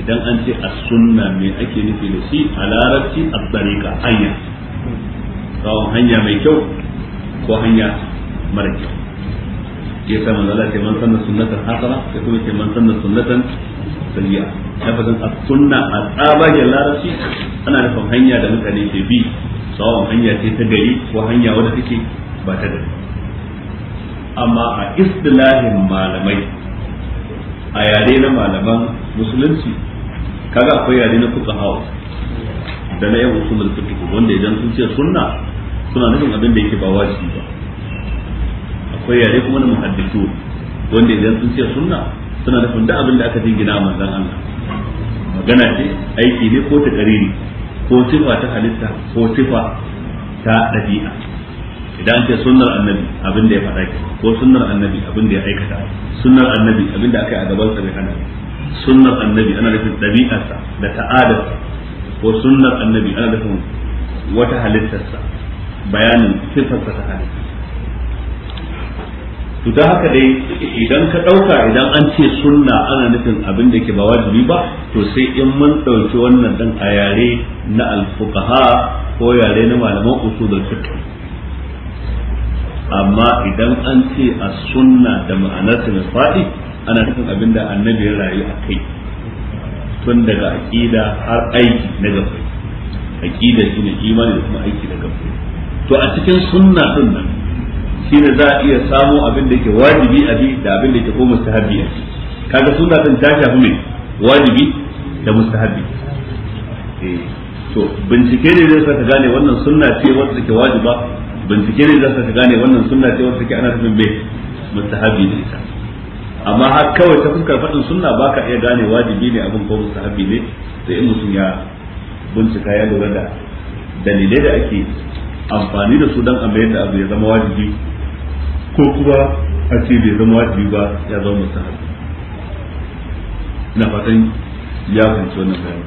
idan an ce a sunna me ake nufi da shi a larabci a tsarika hanya tsawon hanya mai kyau ko hanya mara kyau ke sa manzo Allah ce man sanna sunnatan hasana sai kuma ce man sanna sunnatan sayyi'a lafazin as-sunna a tsabagen larabci ana nufin hanya da mutane ke bi sawon hanya ce ta gari ko hanya wadda take ba ta gari amma a istilahin malamai a yare na malaman musulunci kaga akwai yare na kuka hawa da na yan usulul fiqh wanda idan sun ce sunna suna nufin abin da yake ba wajibi ba akwai yare kuma na muhaddisu wanda idan sun ce sunna suna nufin da abin da aka jingina manzon Allah magana ce aiki ne ko ta ne. ko sifa ta halitta ko sifa ta ɗabi'a idan ce sunnar annabi abin da ya faɗa ke ko sunnar annabi abin da ya aikata sunnar annabi abin da aka yi a gaban sa bai hana sunnar annabi ana nufin ɗabi'arsa da ta'adarsa ko sunnar annabi ana nufin wata halittarsa bayanin sifarsa ta halitta to da haka dai idan ka ɗauka idan an ce sunna ana nufin abin da ke ba wajibi ba to sai in mun ɗauki wannan dan a yare na alfuqaha ko yare na malaman usulul fiqh amma idan an ce a sunna da ma'anar mai faɗi ana nufin abin da annabi ya rayu a kai tun daga aqida har aiki na gaba aqida shine imani da kuma aiki na gaba to a cikin sunna din nan shine za a iya samo abin da ke wajibi a bi da abin da ke ko mustahabi a ci kaga suna din ta shafi mai wajibi da mustahabi eh to bincike ne zai saka gane wannan sunna ce wata take wajiba bincike ne zai saka gane wannan sunna ce wata take ana tafin bai mustahabi ne ita amma har kawai ta fuskar faɗin sunna baka iya gane wajibi ne abin ko mustahabi ne sai in mutum ya bincika ya lura da dalilai da ake amfani da su don a mayar da abu ya zama wajibi ko kuma a ce bai zama wajibi ba ya zama mustahab Na fatan ya fahimci wannan bayan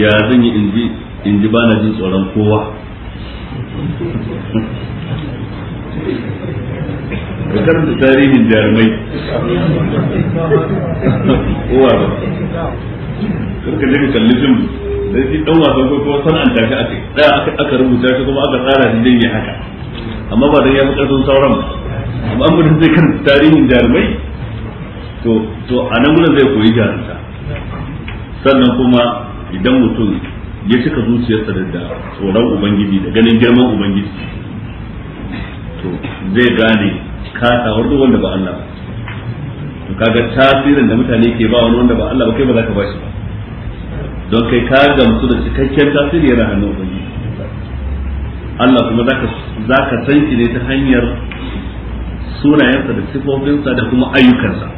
ya zan yi inji ba na jin tsoron kowa ka da tarihin jarumai uwa ba karka je ka kalli fim da shi dan wasan ko kuma sana'anta shi aka da aka aka rubuta shi kuma aka tsara shi dai haka amma ba dan ya fi karfin sauran ba amma an gudun zai kan tarihin jarumai to to a nan gudun zai koyi jarumta sannan kuma idan mutum ya cika zuciyarsa da tsoron ubangiji da ganin girman ubangiji to zai gane katawar duk wanda ba Allah ba kaga tasirin da mutane ke ba wani wanda ba Allah ba kai ba za ka bashi ba don kai ka gamsu da cikakken tasiri yana hannun ubangi Allah kuma ka zaka san shi ne ta hanyar sunayensa da sifofinsa da kuma ayyukansa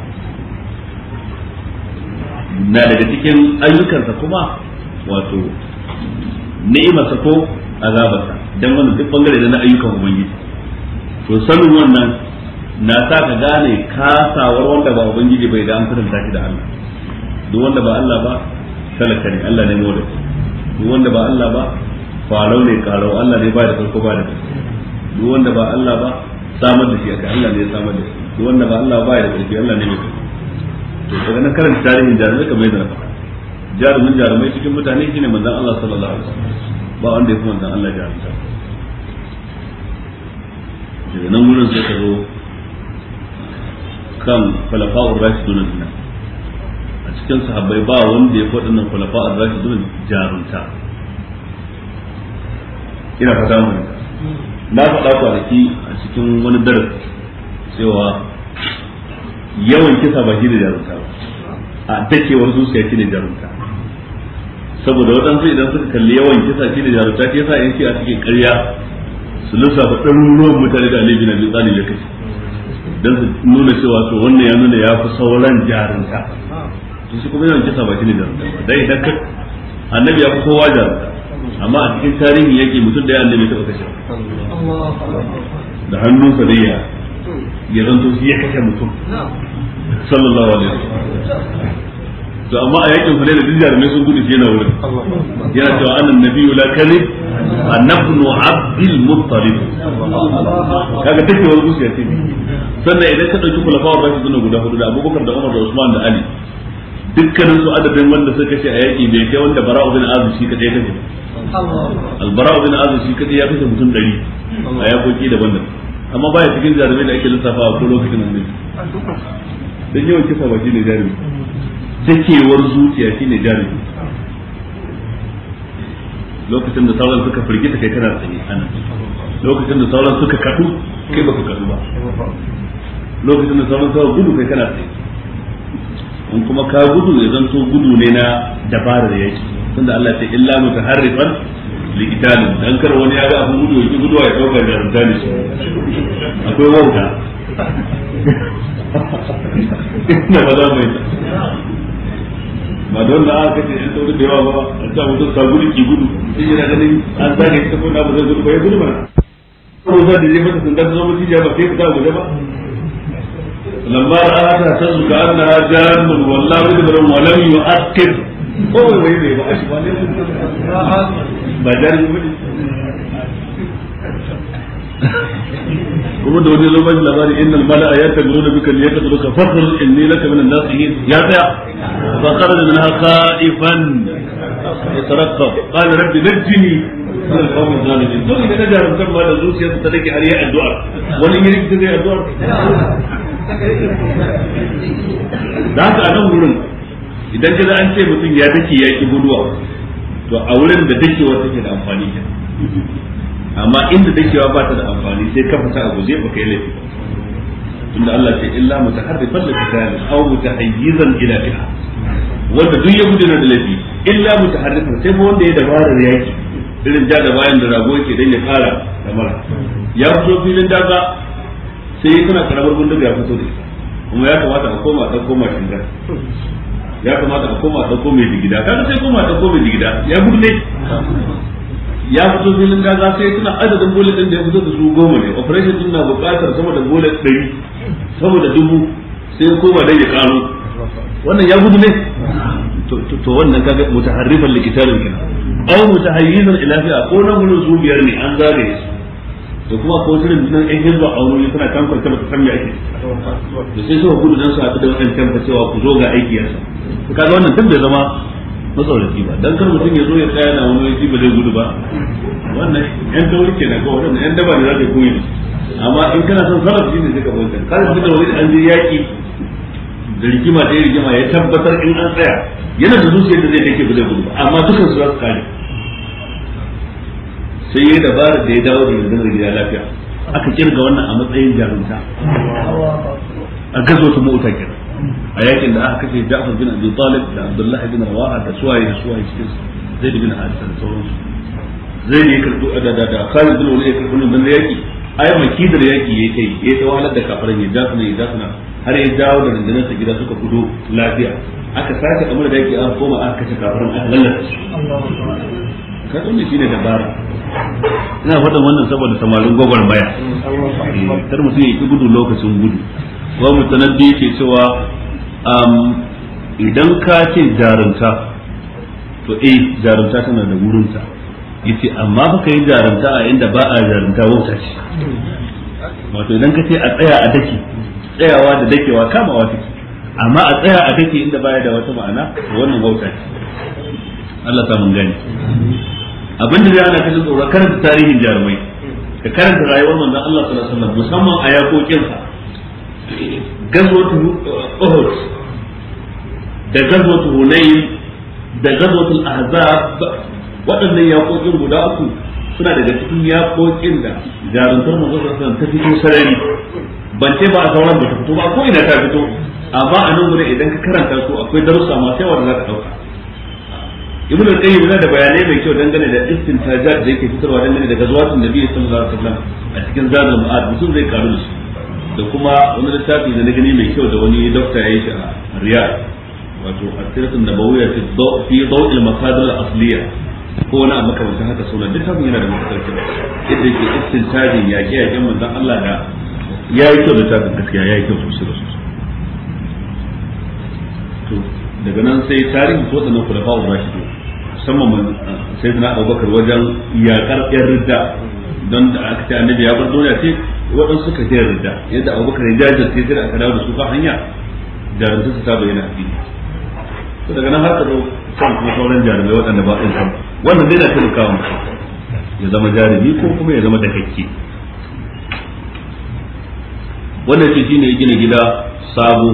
na daga cikin ayyukansa kuma wato ni'imarsa ko azabarsa don wani duk bangare da na ayyukan ubangiji to sanin wannan na sa ka gane kasawar wanda ba ubangiji bai da an da da Allah duk wanda ba Allah ba talaka ne Allah ne moda duk wanda ba Allah ba falo ne karo Allah ne ba da farko ba da duk wanda ba Allah ba samar da shi aka Allah ne ya samar da shi duk wanda ba Allah ba ya da karfi Allah ne mai to daga nan karanta tarihin jarumai kamar yadda na faɗa jarumin jarumai cikin mutane shine manzon Allah sallallahu alaihi wasallam ba wanda ya fi manzon Allah jarumta daga nan wurin sai ka zo kan khulafa'ur rashidun nan a cikin sahabbai ba wanda ya faɗi nan khulafa'ur rashidun jarunta ina fata mu na faɗa kwanaki a cikin wani darasi cewa yawan kisa ba shi ne jarunta ba a dakewar zuciya shi ne jarunta saboda waɗansu idan suka kalli yawan kisa shi ne jarunta ke sa yin shi a cikin ƙarya su lissafa ɗaruruwan mutane da alibi na bi tsani lokaci don su nuna cewa to wannan ya nuna ya fi sauran jarinta to shi kuma yawan kisa ba shi ne jarinta ba dai idan annabi ya fi kowa jarinta amma a cikin tarihi yake mutum da ya annabi ta kashe da hannunsa dai ya ya zanto shi ya kashe mutum sallallahu alaihi wasallam to amma a yakin hunain da jarumai sun gudu shi na wurin yana cewa annan nabiyyu la kalib annabnu abdul muttalib kaga take wani gusiya ce sannan idan ka dauki kulafawa ba su guda hudu da abubakar da umar da usman da ali dukkanin su adadin wanda suka kashe a yaki bai kai wanda bara'u bin azu shi kadai take albara'u bin azu shi kadai ya kashe mutum 100 a yakoki daban da. amma baya cikin jarumai da ake lissafa a ko lokacin annabi dan yawan kisa baki ne jarumi dakewar zuciya shine jarumi lokacin da sauran suka ta kai kana tsaye ana lokacin da sauran suka kadu kai baka kadu ba lokacin da sauran suka gudu kai kana tsaye in kuma ka gudu ya zanto gudu ne na dabarar yaki tunda Allah ta illa mutaharrifan likitalin dan kar wani ya ga abun gudu ya gudu ya dauka da rantani akwai wanda ina ba za mu yi ba don da aka ce yan sauri da yawa ba a ta mutum sabulin ki gudu shi yana ganin an zage ta ko na ba zai gudu ba ya gudu ba ko za da je mata sandar zo mutum ya ba sai ka guje ba lamma ra'a ta tazu ka annaha jannun wallahu yadburu wa lam yu'aqqib ko wai wai ba shi ba ne ba dan kuma da wani zo shi labari inna al-mala ayata nuna bika duka yakduka fakhruj inni laka min an-nasihin ya tsaya fa kharaja minha qaifan yatarqab qala rabbi najjini min al-qawm al-zalimin to idan da jarumtar ma da zuciyarsa ta dake har yi addu'a wani ne zai addu'a da haka idan kaza an ce mutum ya dake yaki guduwa to a wurin da dakewar take da amfani amma inda cewa ba ta da amfani sai ka fita a guje ba kai laifi tunda Allah ce illa mutaharrifan li qitalin aw mutahayyizan ila fi'a wanda duk ya gudu da laifi illa mutaharrifan sai ba wanda ya dabarar yaki irin ja da bayan da rago yake dan ya fara da mara ya fito filin daga sai tana karamar bindiga ya fito da kuma ya kamata a koma ta koma shingar ya kamata a koma a koma mai digida kaga sai koma ta koma mai digida ya gudu ne ya fito filin gaza sai tuna adadin bullet din da ya fito da su goma ne operation din na buƙatar sama da bullet ɗari sama da dubu sai ya koma dai ya ƙaro wannan ya gudu ne to wannan kaga mutaharrifan likitarin kina aw mutahayyizan ila fi'a ko nan gurin su biyar ne an zabe. su da kuma ko jirin nan ɗan hizba a wuri suna tankwance ba su san ake da sai suka gudu don su haɗu da wannan tankwance cewa ku zo ga aiki yasa kaga wannan tun bai zama matsauraci ba don kar mutum ya zo ya tsaya na wani yanki ba zai gudu ba wannan yan tauri ke na amma in kana son sarrafa shi ne zai su da wani an je yaki da rigima da rigima ya tabbatar in an tsaya yana da zuciyar da zai take ba zai gudu ba amma dukan su za su kare sai ya dabara da ya dawo da rundunar gida lafiya aka kirga wannan a matsayin jarumta a gazo ta mota kenan a yakin da aka kashe Ja'far bin Abi Talib da Abdullah bin Rawaha da suwaye da suwaye cikin Zaid bin Hasan da sauransu Zai ya karbo da da da Khalid bin Walid ya karbo nan yaki ai makidar yaki yake ya ta walar da kafaran ya jasu ne ya jasu na har ya dawo da rundunar sa gida suka gudu lafiya aka sake kamar da yake an koma aka kashe kafaran aka lallata su ka tsunni shine dabara ina faɗin wannan saboda samarin gwagwarmaya eh, kar mutum ya yi gudu lokacin gudu wa mutanaddi yake cewa um, idan ka ce jarumta to eh jarumta tana da wurinta yace amma baka yi jarumta a inda ba a jarumta wauta ce wato idan ka ce a tsaya a dake tsayawa da dakewa kamawa take amma a tsaya a dake inda baya da wata ma'ana wannan wauta ce Allah ta mun gani abinda da ana kashin tsoro karanta tarihin jarumai ka karanta rayuwar manzon Allah sallallahu alaihi wasallam musamman a sa gazwatu uhud da gazwatu hunayn da gazwatul ahzab waɗannan yaƙoƙin guda uku suna daga cikin yaƙoƙin da jarumtar manzo sallallahu ta fito sarari ban ce ba a sauran ba ta fito ba ko ina ta fito amma a nan gurin idan ka karanta su akwai darussa masu yawa da za ka ɗauka ibn al-qayyim yana da bayanai mai kyau dangane da istintajat da yake fitarwa dangane da gazwatul nabi sallallahu alaihi wasallam a cikin zadul ma'ad mutum zai karu da su da kuma wani littafi da na gani mai kyau da wani dokta ya yi shi a riyad wato asiratun nabawiyya fi dawil masadir asliya ko wani abu makamancin haka sunan littafin yana da matakar kyau yadda yake istintajin yaƙe yaƙen manzon Allah da ya yi kyau ta gaskiya ya yi kyau sosai da sosai to daga nan sai tarihin ko tsanan kulafa wa rashidu musamman sai na abubakar wajen yaƙar ƴan ridda don da aka ce annabi ya bar duniya ce waɗansu suka je rinda yadda abubakar ya jajirce sai aka dawo da su ka hanya jarumta su ta bayyana a fili to daga nan har ka zo kan kuma sauran jarumai waɗanda ba ɗin san wannan zai na taimakawa mutum ya zama jarumi ko kuma ya zama kakke wannan ce shine ya gina gida sabo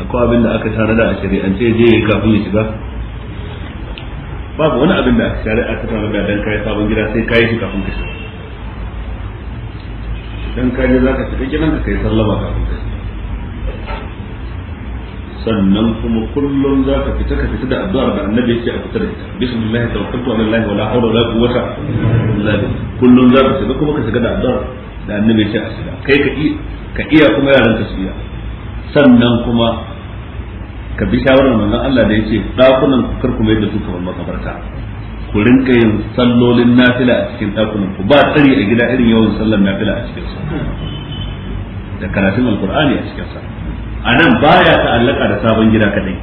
akwai abin da aka tare da a shari'ance je kafin ya shiga babu wani abin da aka shari'a ta tare da dan kai sabon gida sai kai shi kafin ka shiga dan ka je zaka tafi gidan ka kai sallama ka fita sannan kuma kullum za ka fita ka fita da addu'ar da annabi yake a fitar da ita bismillahi tawakkaltu ala allah wala hawla wala quwwata illa billah kullum za ka shiga kuma ka shiga da addu'ar da annabi yake a shiga kai ka yi ka iya kuma yaran ka shiga sannan kuma ka bi shawarar manzon Allah da yake dakunan kar ku mai da su kamar makabarta ku rinka yin sallolin nafila a cikin ɗakunan ku ba tsari a gida irin yawan sallar nafila a cikin sa da karatun alkur'ani a cikin sa a nan baya ta'allaka da sabon gida kadai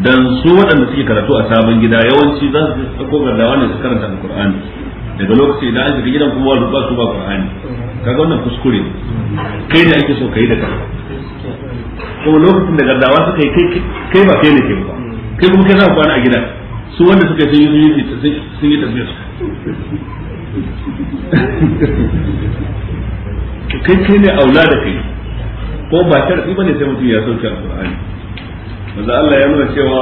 dan su waɗanda suke karatu a sabon gida yawanci za su tsako gardawa ne su karanta alkur'ani daga lokaci idan an shiga gidan kuma ba su ba qur'ani kaga wannan kuskure kai ne ake so kai da kai kuma lokacin da gardawa suka yi kai ba kai ne ke ba kai kuma kai za ku kwana a gidan su wanda suka sun yi sun yi tafiyar kai kai ne aula da kai ko ba sharadi bane sai mutum ya sauke alqur'ani manzo Allah ya nuna cewa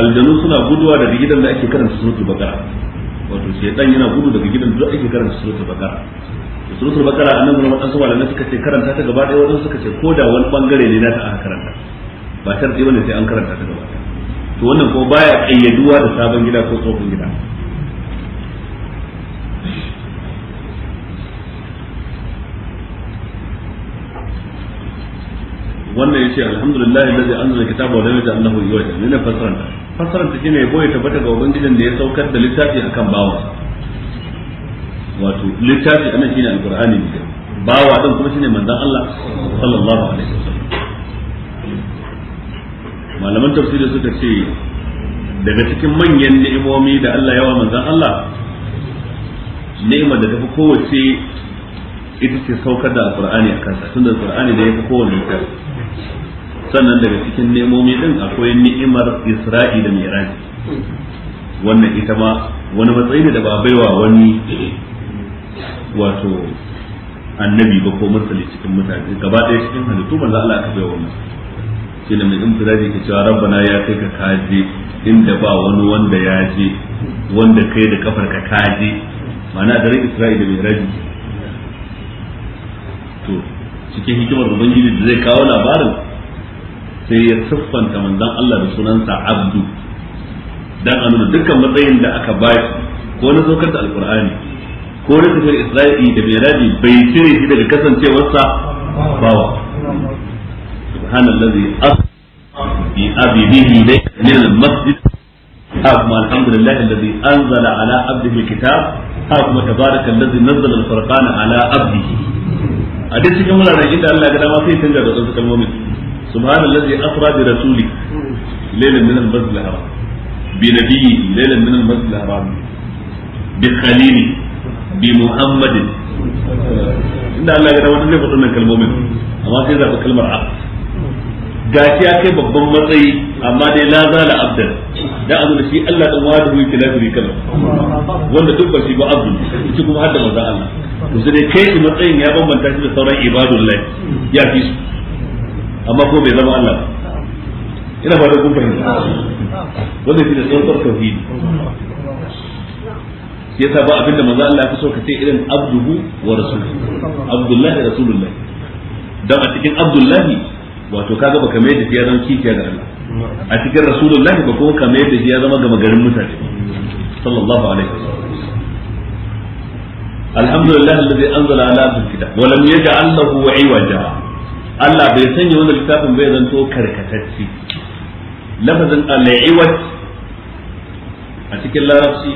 aljanu suna guduwa daga gidan da ake karanta suratul baqara wato dan yana gudu daga gidan da ake karanta suratul baqara suratul baqara annan gurin wadansu malamai suka ce karanta ta gaba ɗaya wadansu suka ce koda wani bangare ne na ta aka karanta ba sharadi bane sai an karanta ta gaba ɗaya to wannan ko baya kayyaduwa da sabon gida ko tsohon gida wannan yace alhamdulillah alladhi anzala kitaba wa lam yaj'al lahu iwaja ne fasaran fasaran take ne boye tabbata ga ubangijin da ya saukar da littafi akan bawa wato littafi anan shine alqur'ani ne bawa din kuma shine manzon Allah sallallahu alaihi wasallam malaman tafsiri suka ce daga cikin manyan ni'imomi da Allah yawa manzan Allah ni'ima da tafi kowace ita ce saukar da alqur'ani a kansa tunda alqur'ani da yake kowanne littafi sannan daga cikin ni'imomi din akwai ni'imar Isra'i da Mi'raj wannan ita ma wani matsayi ne da ba baiwa wani wato annabi ba ko mursali cikin mutane gaba ɗaya cikin halittu manzo Allah aka bai wannan shine mai infiraji ke cewa rabbana ya kai ka kaji inda ba wani wanda ya je wanda kai da kafar ka kaje ma'ana da ran isra'ila mai raji to cikin hikimar ubangiji da zai kawo labarin sai ya siffanta manzon Allah da sunansa abdu dan a nuna dukkan matsayin da aka ba ko na saukar da alkur'ani ko na tafiyar isra'ila da mai raji bai cire shi daga kasancewarsa bawa سبحان الذي أسرى بأبيه من المسجد أكما الحمد لله الذي أنزل على عبده الكتاب تبارك الذي نزل الفرقان على عبده sai ya ga kalmar gashi ya kai babban matsayi amma dai la zala abdan da azu da shi Allah dan wahdahu yake la shirika lahu wanda duk bashi ba abdu shi kuma hadda manzo Allah to sai dai kai matsayin ya bambanta shi da sauran ibadullahi ya fi su amma ko bai zama Allah ba ina ba da kun fahimta wannan shi da tsantsar tauhidi shi yasa ba abinda manzo Allah ya fi so ka ce irin abduhu wa rasuluhu abdullahi rasulullahi dan a cikin abdullahi wato kaga baka mai da shi ya zama kishiya ga Allah a cikin rasulullah ba kuma ka mai da shi ya zama gama garin mutane sallallahu alaihi wasallam alhamdulillah alladhi anzala ala abdil kitab wa lam yaj'al lahu iwaja Allah bai sanya wannan littafin bai zanto karkatacci lafazin al-iwaj a cikin larabci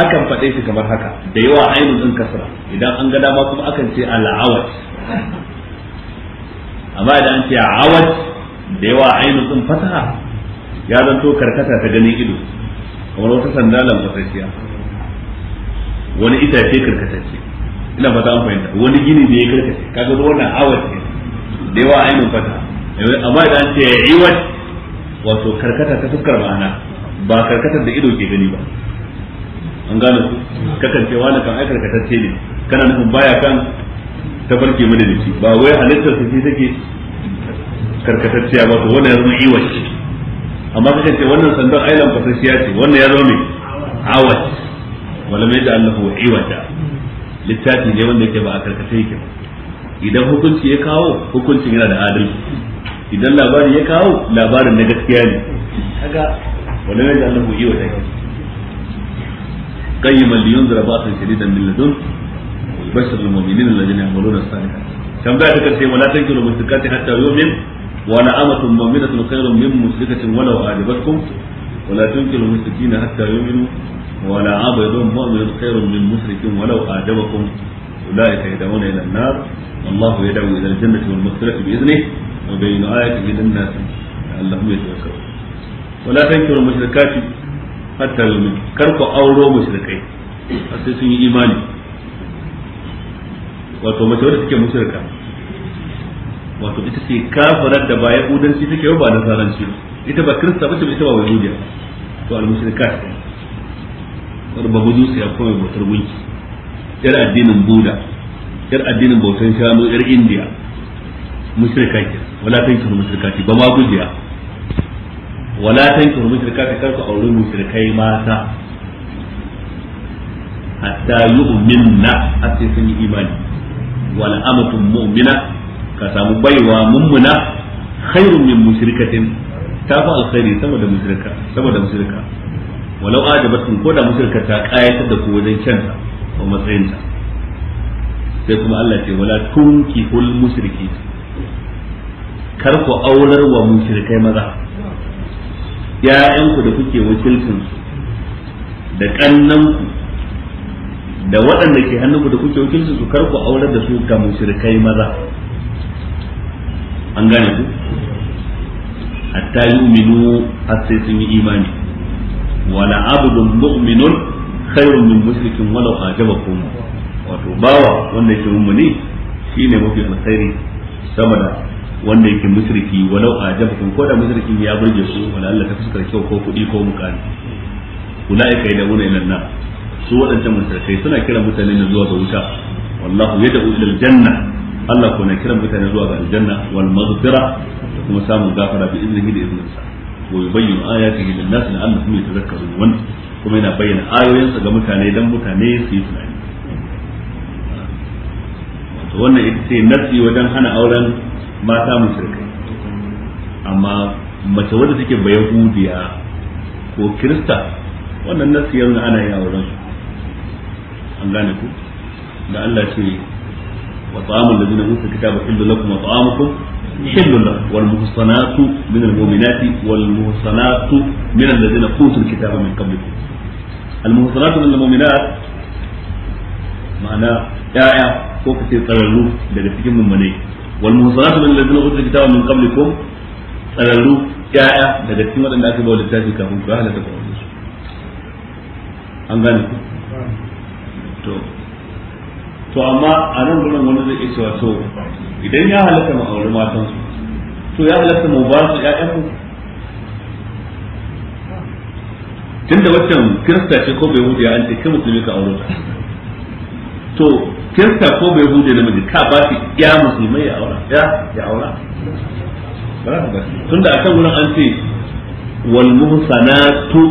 akan faɗe shi kamar haka da yawa ainihin kasra idan an ga dama kuma akan ce al-awaj amma idan an ce awaj da yawa ainu din fasaha ya zanto karkata ta ganin ido kamar wata sanda lankwasashiya wani itace karkatacce ina fata an fahimta wani gini da ya karkace kaga wannan awad ne da yawa ainu fasaha amma idan an ce iwad wato karkata ta fuskar ma'ana ba karkatar da ido ke gani ba an gane su kakan ce wani kan ai ce ne kana nufin baya kan ta barke mana da shi ba wai halittar su ce take karkatacciya ba to wannan ya zama iwas amma kace ce wannan sandan ailan ya ce wannan ya zama mai awas wala mai da Allah wa iwata littafi ne wanda yake ba a karkace yake ba idan hukunci ya kawo hukuncin yana da adalci idan labarin ya kawo labarin na gaskiya ne kaga wala mai da Allah wa iwata qayyiman liyunzira ba'san shadidan min ladun bashir al-mu'minin alladhina yamaluna as-salihat kan da take sai wala tankiru musrikati hatta yu'min wa la amatun mu'minatun khairun min musrikatin walau ajabatkum ولا تنكروا المشركين حتى يؤمنوا ولا عبد مؤمن خير من مشرك ولو أعجبكم أولئك يدعون إلى النار والله يدعو إلى الجنة والمغفرة بإذنه وبين آياته للناس لعلهم يتذكرون ولا تنكروا المشركات حتى يؤمنوا كركوا أورو مشركين حتى يؤمنوا إيماني wato mace wadda take musirka? wato ita ce kafirar da ba yahudanci take ba na saranci ita ba kirista bace ita ba yahudiya to al mushrikat ba gudu sai akwai bautar gunki yar addinin buda yar addinin bautan shanu yar indiya mushrika ke wala tankihu mushrikati ba ma gudiya wala tankihu mushrikati kar ku aure yi mata hatta yu'minna hatta sun yi imani wal amatu mu'mina ka samu baiwa mummuna kairin min mushrikatin ta fa alkhairi sama da mushrika sama da ko da mushrika ta kayatar da ku wajen kyanta ko matsayinta sai kuma Allah ce kar ku aurar wa mushrikai maza ya'yanku da kuke wakilcin su da kannanku da waɗanda ke hannunku da kuke wakilci su karku aurar da su ga mushrikai maza an gane ku hatta yu'minu har sai sun yi imani wala abdun mu'minun khairun min mushrikin walau ajabakum wato bawa wanda yake shi shine mafi alkhairi sama da wanda yake mushriki walau ajabakum ko da mushrikin ya burge su wala Allah ta fuskar kyau ko kuɗi ko mukani ulaika yadawuna da an-nar su waɗancan mutarkai suna kiran mutane ne zuwa ga wuta wallahu da ila janna. Allah ko na kiran mutane zuwa ga aljanna wal maghfira da kuma samun gafara bi iznihi da izninsa wa yubayyinu ayatihi lin nas la'annahum yatadhakkarun kuma yana bayyana ayoyinsa ga mutane dan mutane su yi tunani wannan ita ce nafsi wajen hana auren mata mushrikai amma mace wadda take bayan hudiya ko kirista wannan nafsi yanzu ana yin auren su an gane ku da Allah ce wa ta'amul ladina utul kitaba illu lakum wa ta'amukum حل لهم والمحصنات من المؤمنات والمحصنات من الذين اوتوا الكتاب من قبلكم المحصنات من المؤمنات معنى يائع ko ka ce tsararru daga cikin mummune wal muhsanatu min allazina utul kitaba min qablikum tsararru ya'ya daga cikin waɗanda aka bawa littafi kafin ku halata ku an gane ku to to amma a nan gudun wani zai iya cewa to idan ya halatta mu aure matan su to ya halatta mu ba su ƴaƴan mu tunda waccan kirista ce ko bai hudu ya an teke kai musulmi ka aure ta to kirista ko bai hudu namiji ka ba su ya musulmai ya aura ya ya aura ba da a ba wurin an ce wal muhsanatu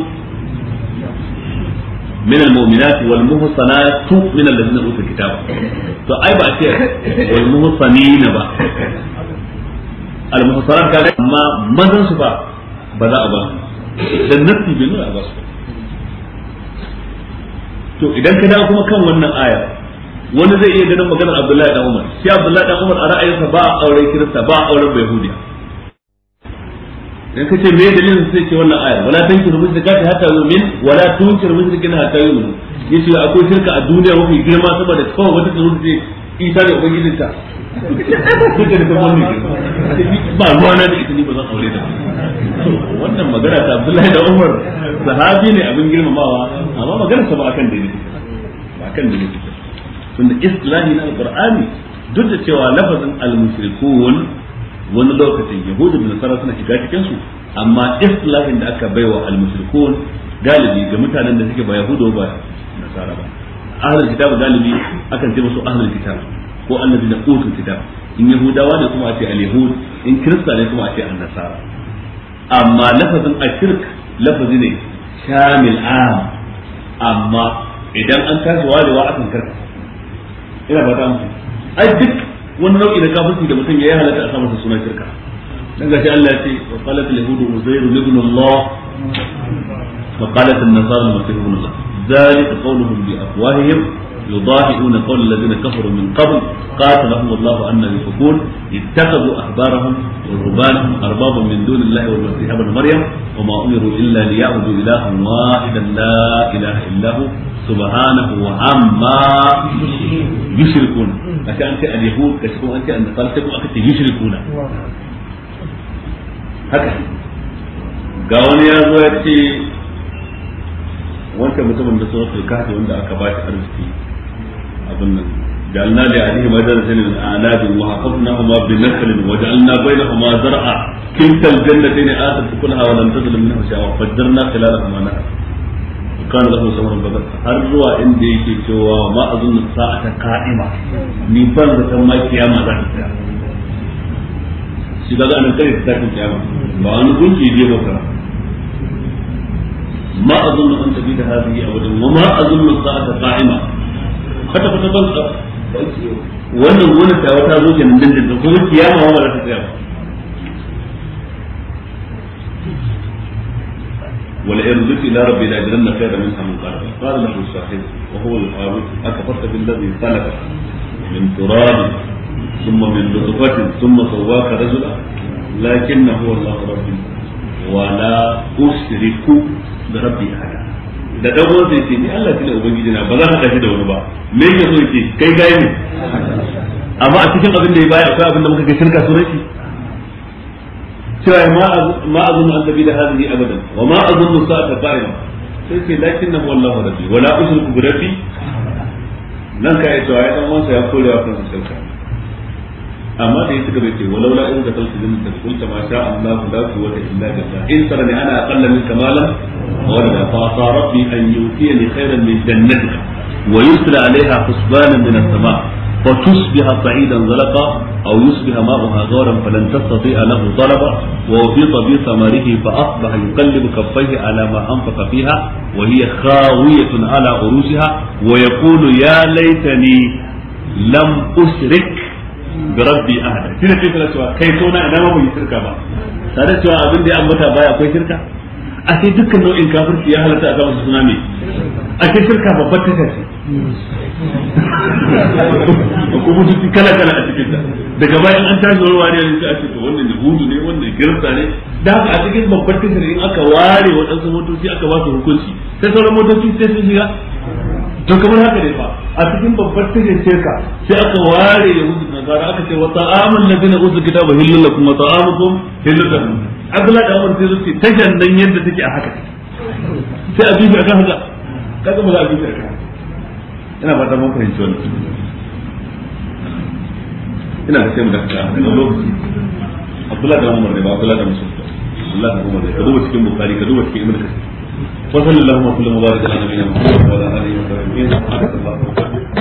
min almu'minati wal muhsanatu min alladhina utul kitaba to ai ba a ce wal ba amma mazan ba za a ba dan bin ba idan ka dawo kuma kan wannan ayar wani zai iya ganin maganar Abdullahi da Umar sai Abdullahi Umar a ra'ayinsa ba a Kirista ba auren dan kace me dalilin sai ce wannan aya wala tankiru mushrikati hatta yu'min wala tunkiru mushrikin hatta yu'min yace akwai shirka a duniya mafi girma saboda kawai wata ta zo ce isa da ubangijin ta duka da kuma ne ba ruwa na da ita ni ba zan aure ta wannan magana ta Abdullahi da Umar sahabi ne abin girmamawa amma magana ta ba akan dalili ba akan dalili tunda islahi na alqur'ani duk da cewa lafazin al-mushrikun wani lokacin yahudu da nasara suna shiga cikin su amma islahin da aka baiwa al-mushrikun galibi ga mutanen da suke ba yahudu ba nasara ba ahlul kitab galibi akan ce musu ahlul kitab ko annabi da utul kitab in yahudawa ne kuma a ce al-yahud in kirista ne kuma a ce an-nasara amma lafazin ashirk lafazi ne shamil am amma idan an tashi warewa akan karkasa ina ba ta mutu ai duk wani nau'i da kafirci da mutum yayi halatta a samun sunan shirka dan gashi Allah ya ce wa qalat al-yahudu uzair ibn Allah wa qalat an-nasara al-masih ibn Allah qawluhum bi بأفواههم يضاهئون قول الذين كفروا من قبل قاتلهم الله أن يفكون اتخذوا أحبارهم ورهبانهم أربابا من دون الله والمسيح ابن مريم وما أمروا إلا ليعبدوا إلها واحدا لا إله إلا هو سبحانه وعما يشركون عشان أنت اليهود كشفوا أنت أن قالتكم أكت يشركون هكذا قالوا يا زوجتي wancan mutumin da suratul kahfi wanda aka ba shi arziki abin nan جعلنا لأهلهم مدرسين من أعناب وحفظناهما بنخل وجعلنا بينهما زرعا كلتا الجنتين آتت كلها ولم شيئا وفجرنا خلالهما نهرا وكان له بدر ni ban da kan ma za ta tsaya shi ga an kare ta kan kiyama ba an gunki je ba kara ma azunnu an da wa kwata kwata ban sa wannan gona ta wata zo ke nan da kuma kiyama ma ta tsaya ba ولا الى ربي لاجدن خيرا منها منقلبا قال له الصاحب وهو يقال اكفرت بالذي خلق من تراب ثم من نطفه ثم سواك رجلا لكنه هو الله ربي ولا اشرك بربي احدا da dan uwan sai ce ni Allah shine ubangiji na ba za ka tashi da wani ba me yake so yake kai kai ne amma a cikin abin da ya baya akwai abin da muka ga shirka sunan shi cewa ma azun an da hadisi abadan wa ma azun qa'ima sai ce lakin na rabbi wala nan ya dan ya kore wa kansa shirka amma da yake bai ce walau la in da kalsu din da ta ma sha Allah la quwwata illa billah in tarani ana aqalla min kamala wa la fa rabbi an yutiya li khairan min jannati wa yusla alaiha husbanan min as-sama fa tusbiha sa'idan zalqa aw yusbiha ma'uha ghawran falan tastati'a lahu talaba wa ufiqa bi samarihi fa asbaha yuqallibu kaffayhi ala ma anfaqa fiha wa hiya khawiyatun ala urusiha wa yaqulu ya laytani lam usrik bi rabbi ahada shi ne sai kana cewa kai so na ina ma ban shirka ba da cewa abin da ya ambata baya akwai shirka a sai dukkan nau'in kafirci ya halatta a su suna mai a sai shirka babbar ta ce ko mutunci kala kala a cikin ta daga bayan an tashi warwa ne sai a ce to wannan yahudu ne wannan girsa ne da haka a cikin babbar ta in aka ware waɗansu motoci aka ba su hukunci sai sauran motoci sai su shiga to kamar haka ne fa a cikin babbar tashar ka sai aka ware wuce na zara aka ce wa ta'amul ladina uzu kitaba hillul lakum wa ta'amukum hillul lakum abla da umar sai zuci ta nan yadda take a haka sai a bibi akan haka kaga ba za a bibi akan ina fata mun fahimci wannan ina da sai mu dakata a lokaci abdullahi da umar ne ba abdullahi da musulmi abdullahi da umar ne ka duba cikin bukari ka duba cikin ibnu kasir وصلى اللهم وسلم وبارك على نبينا محمد وعلى اله وصحبه وسلم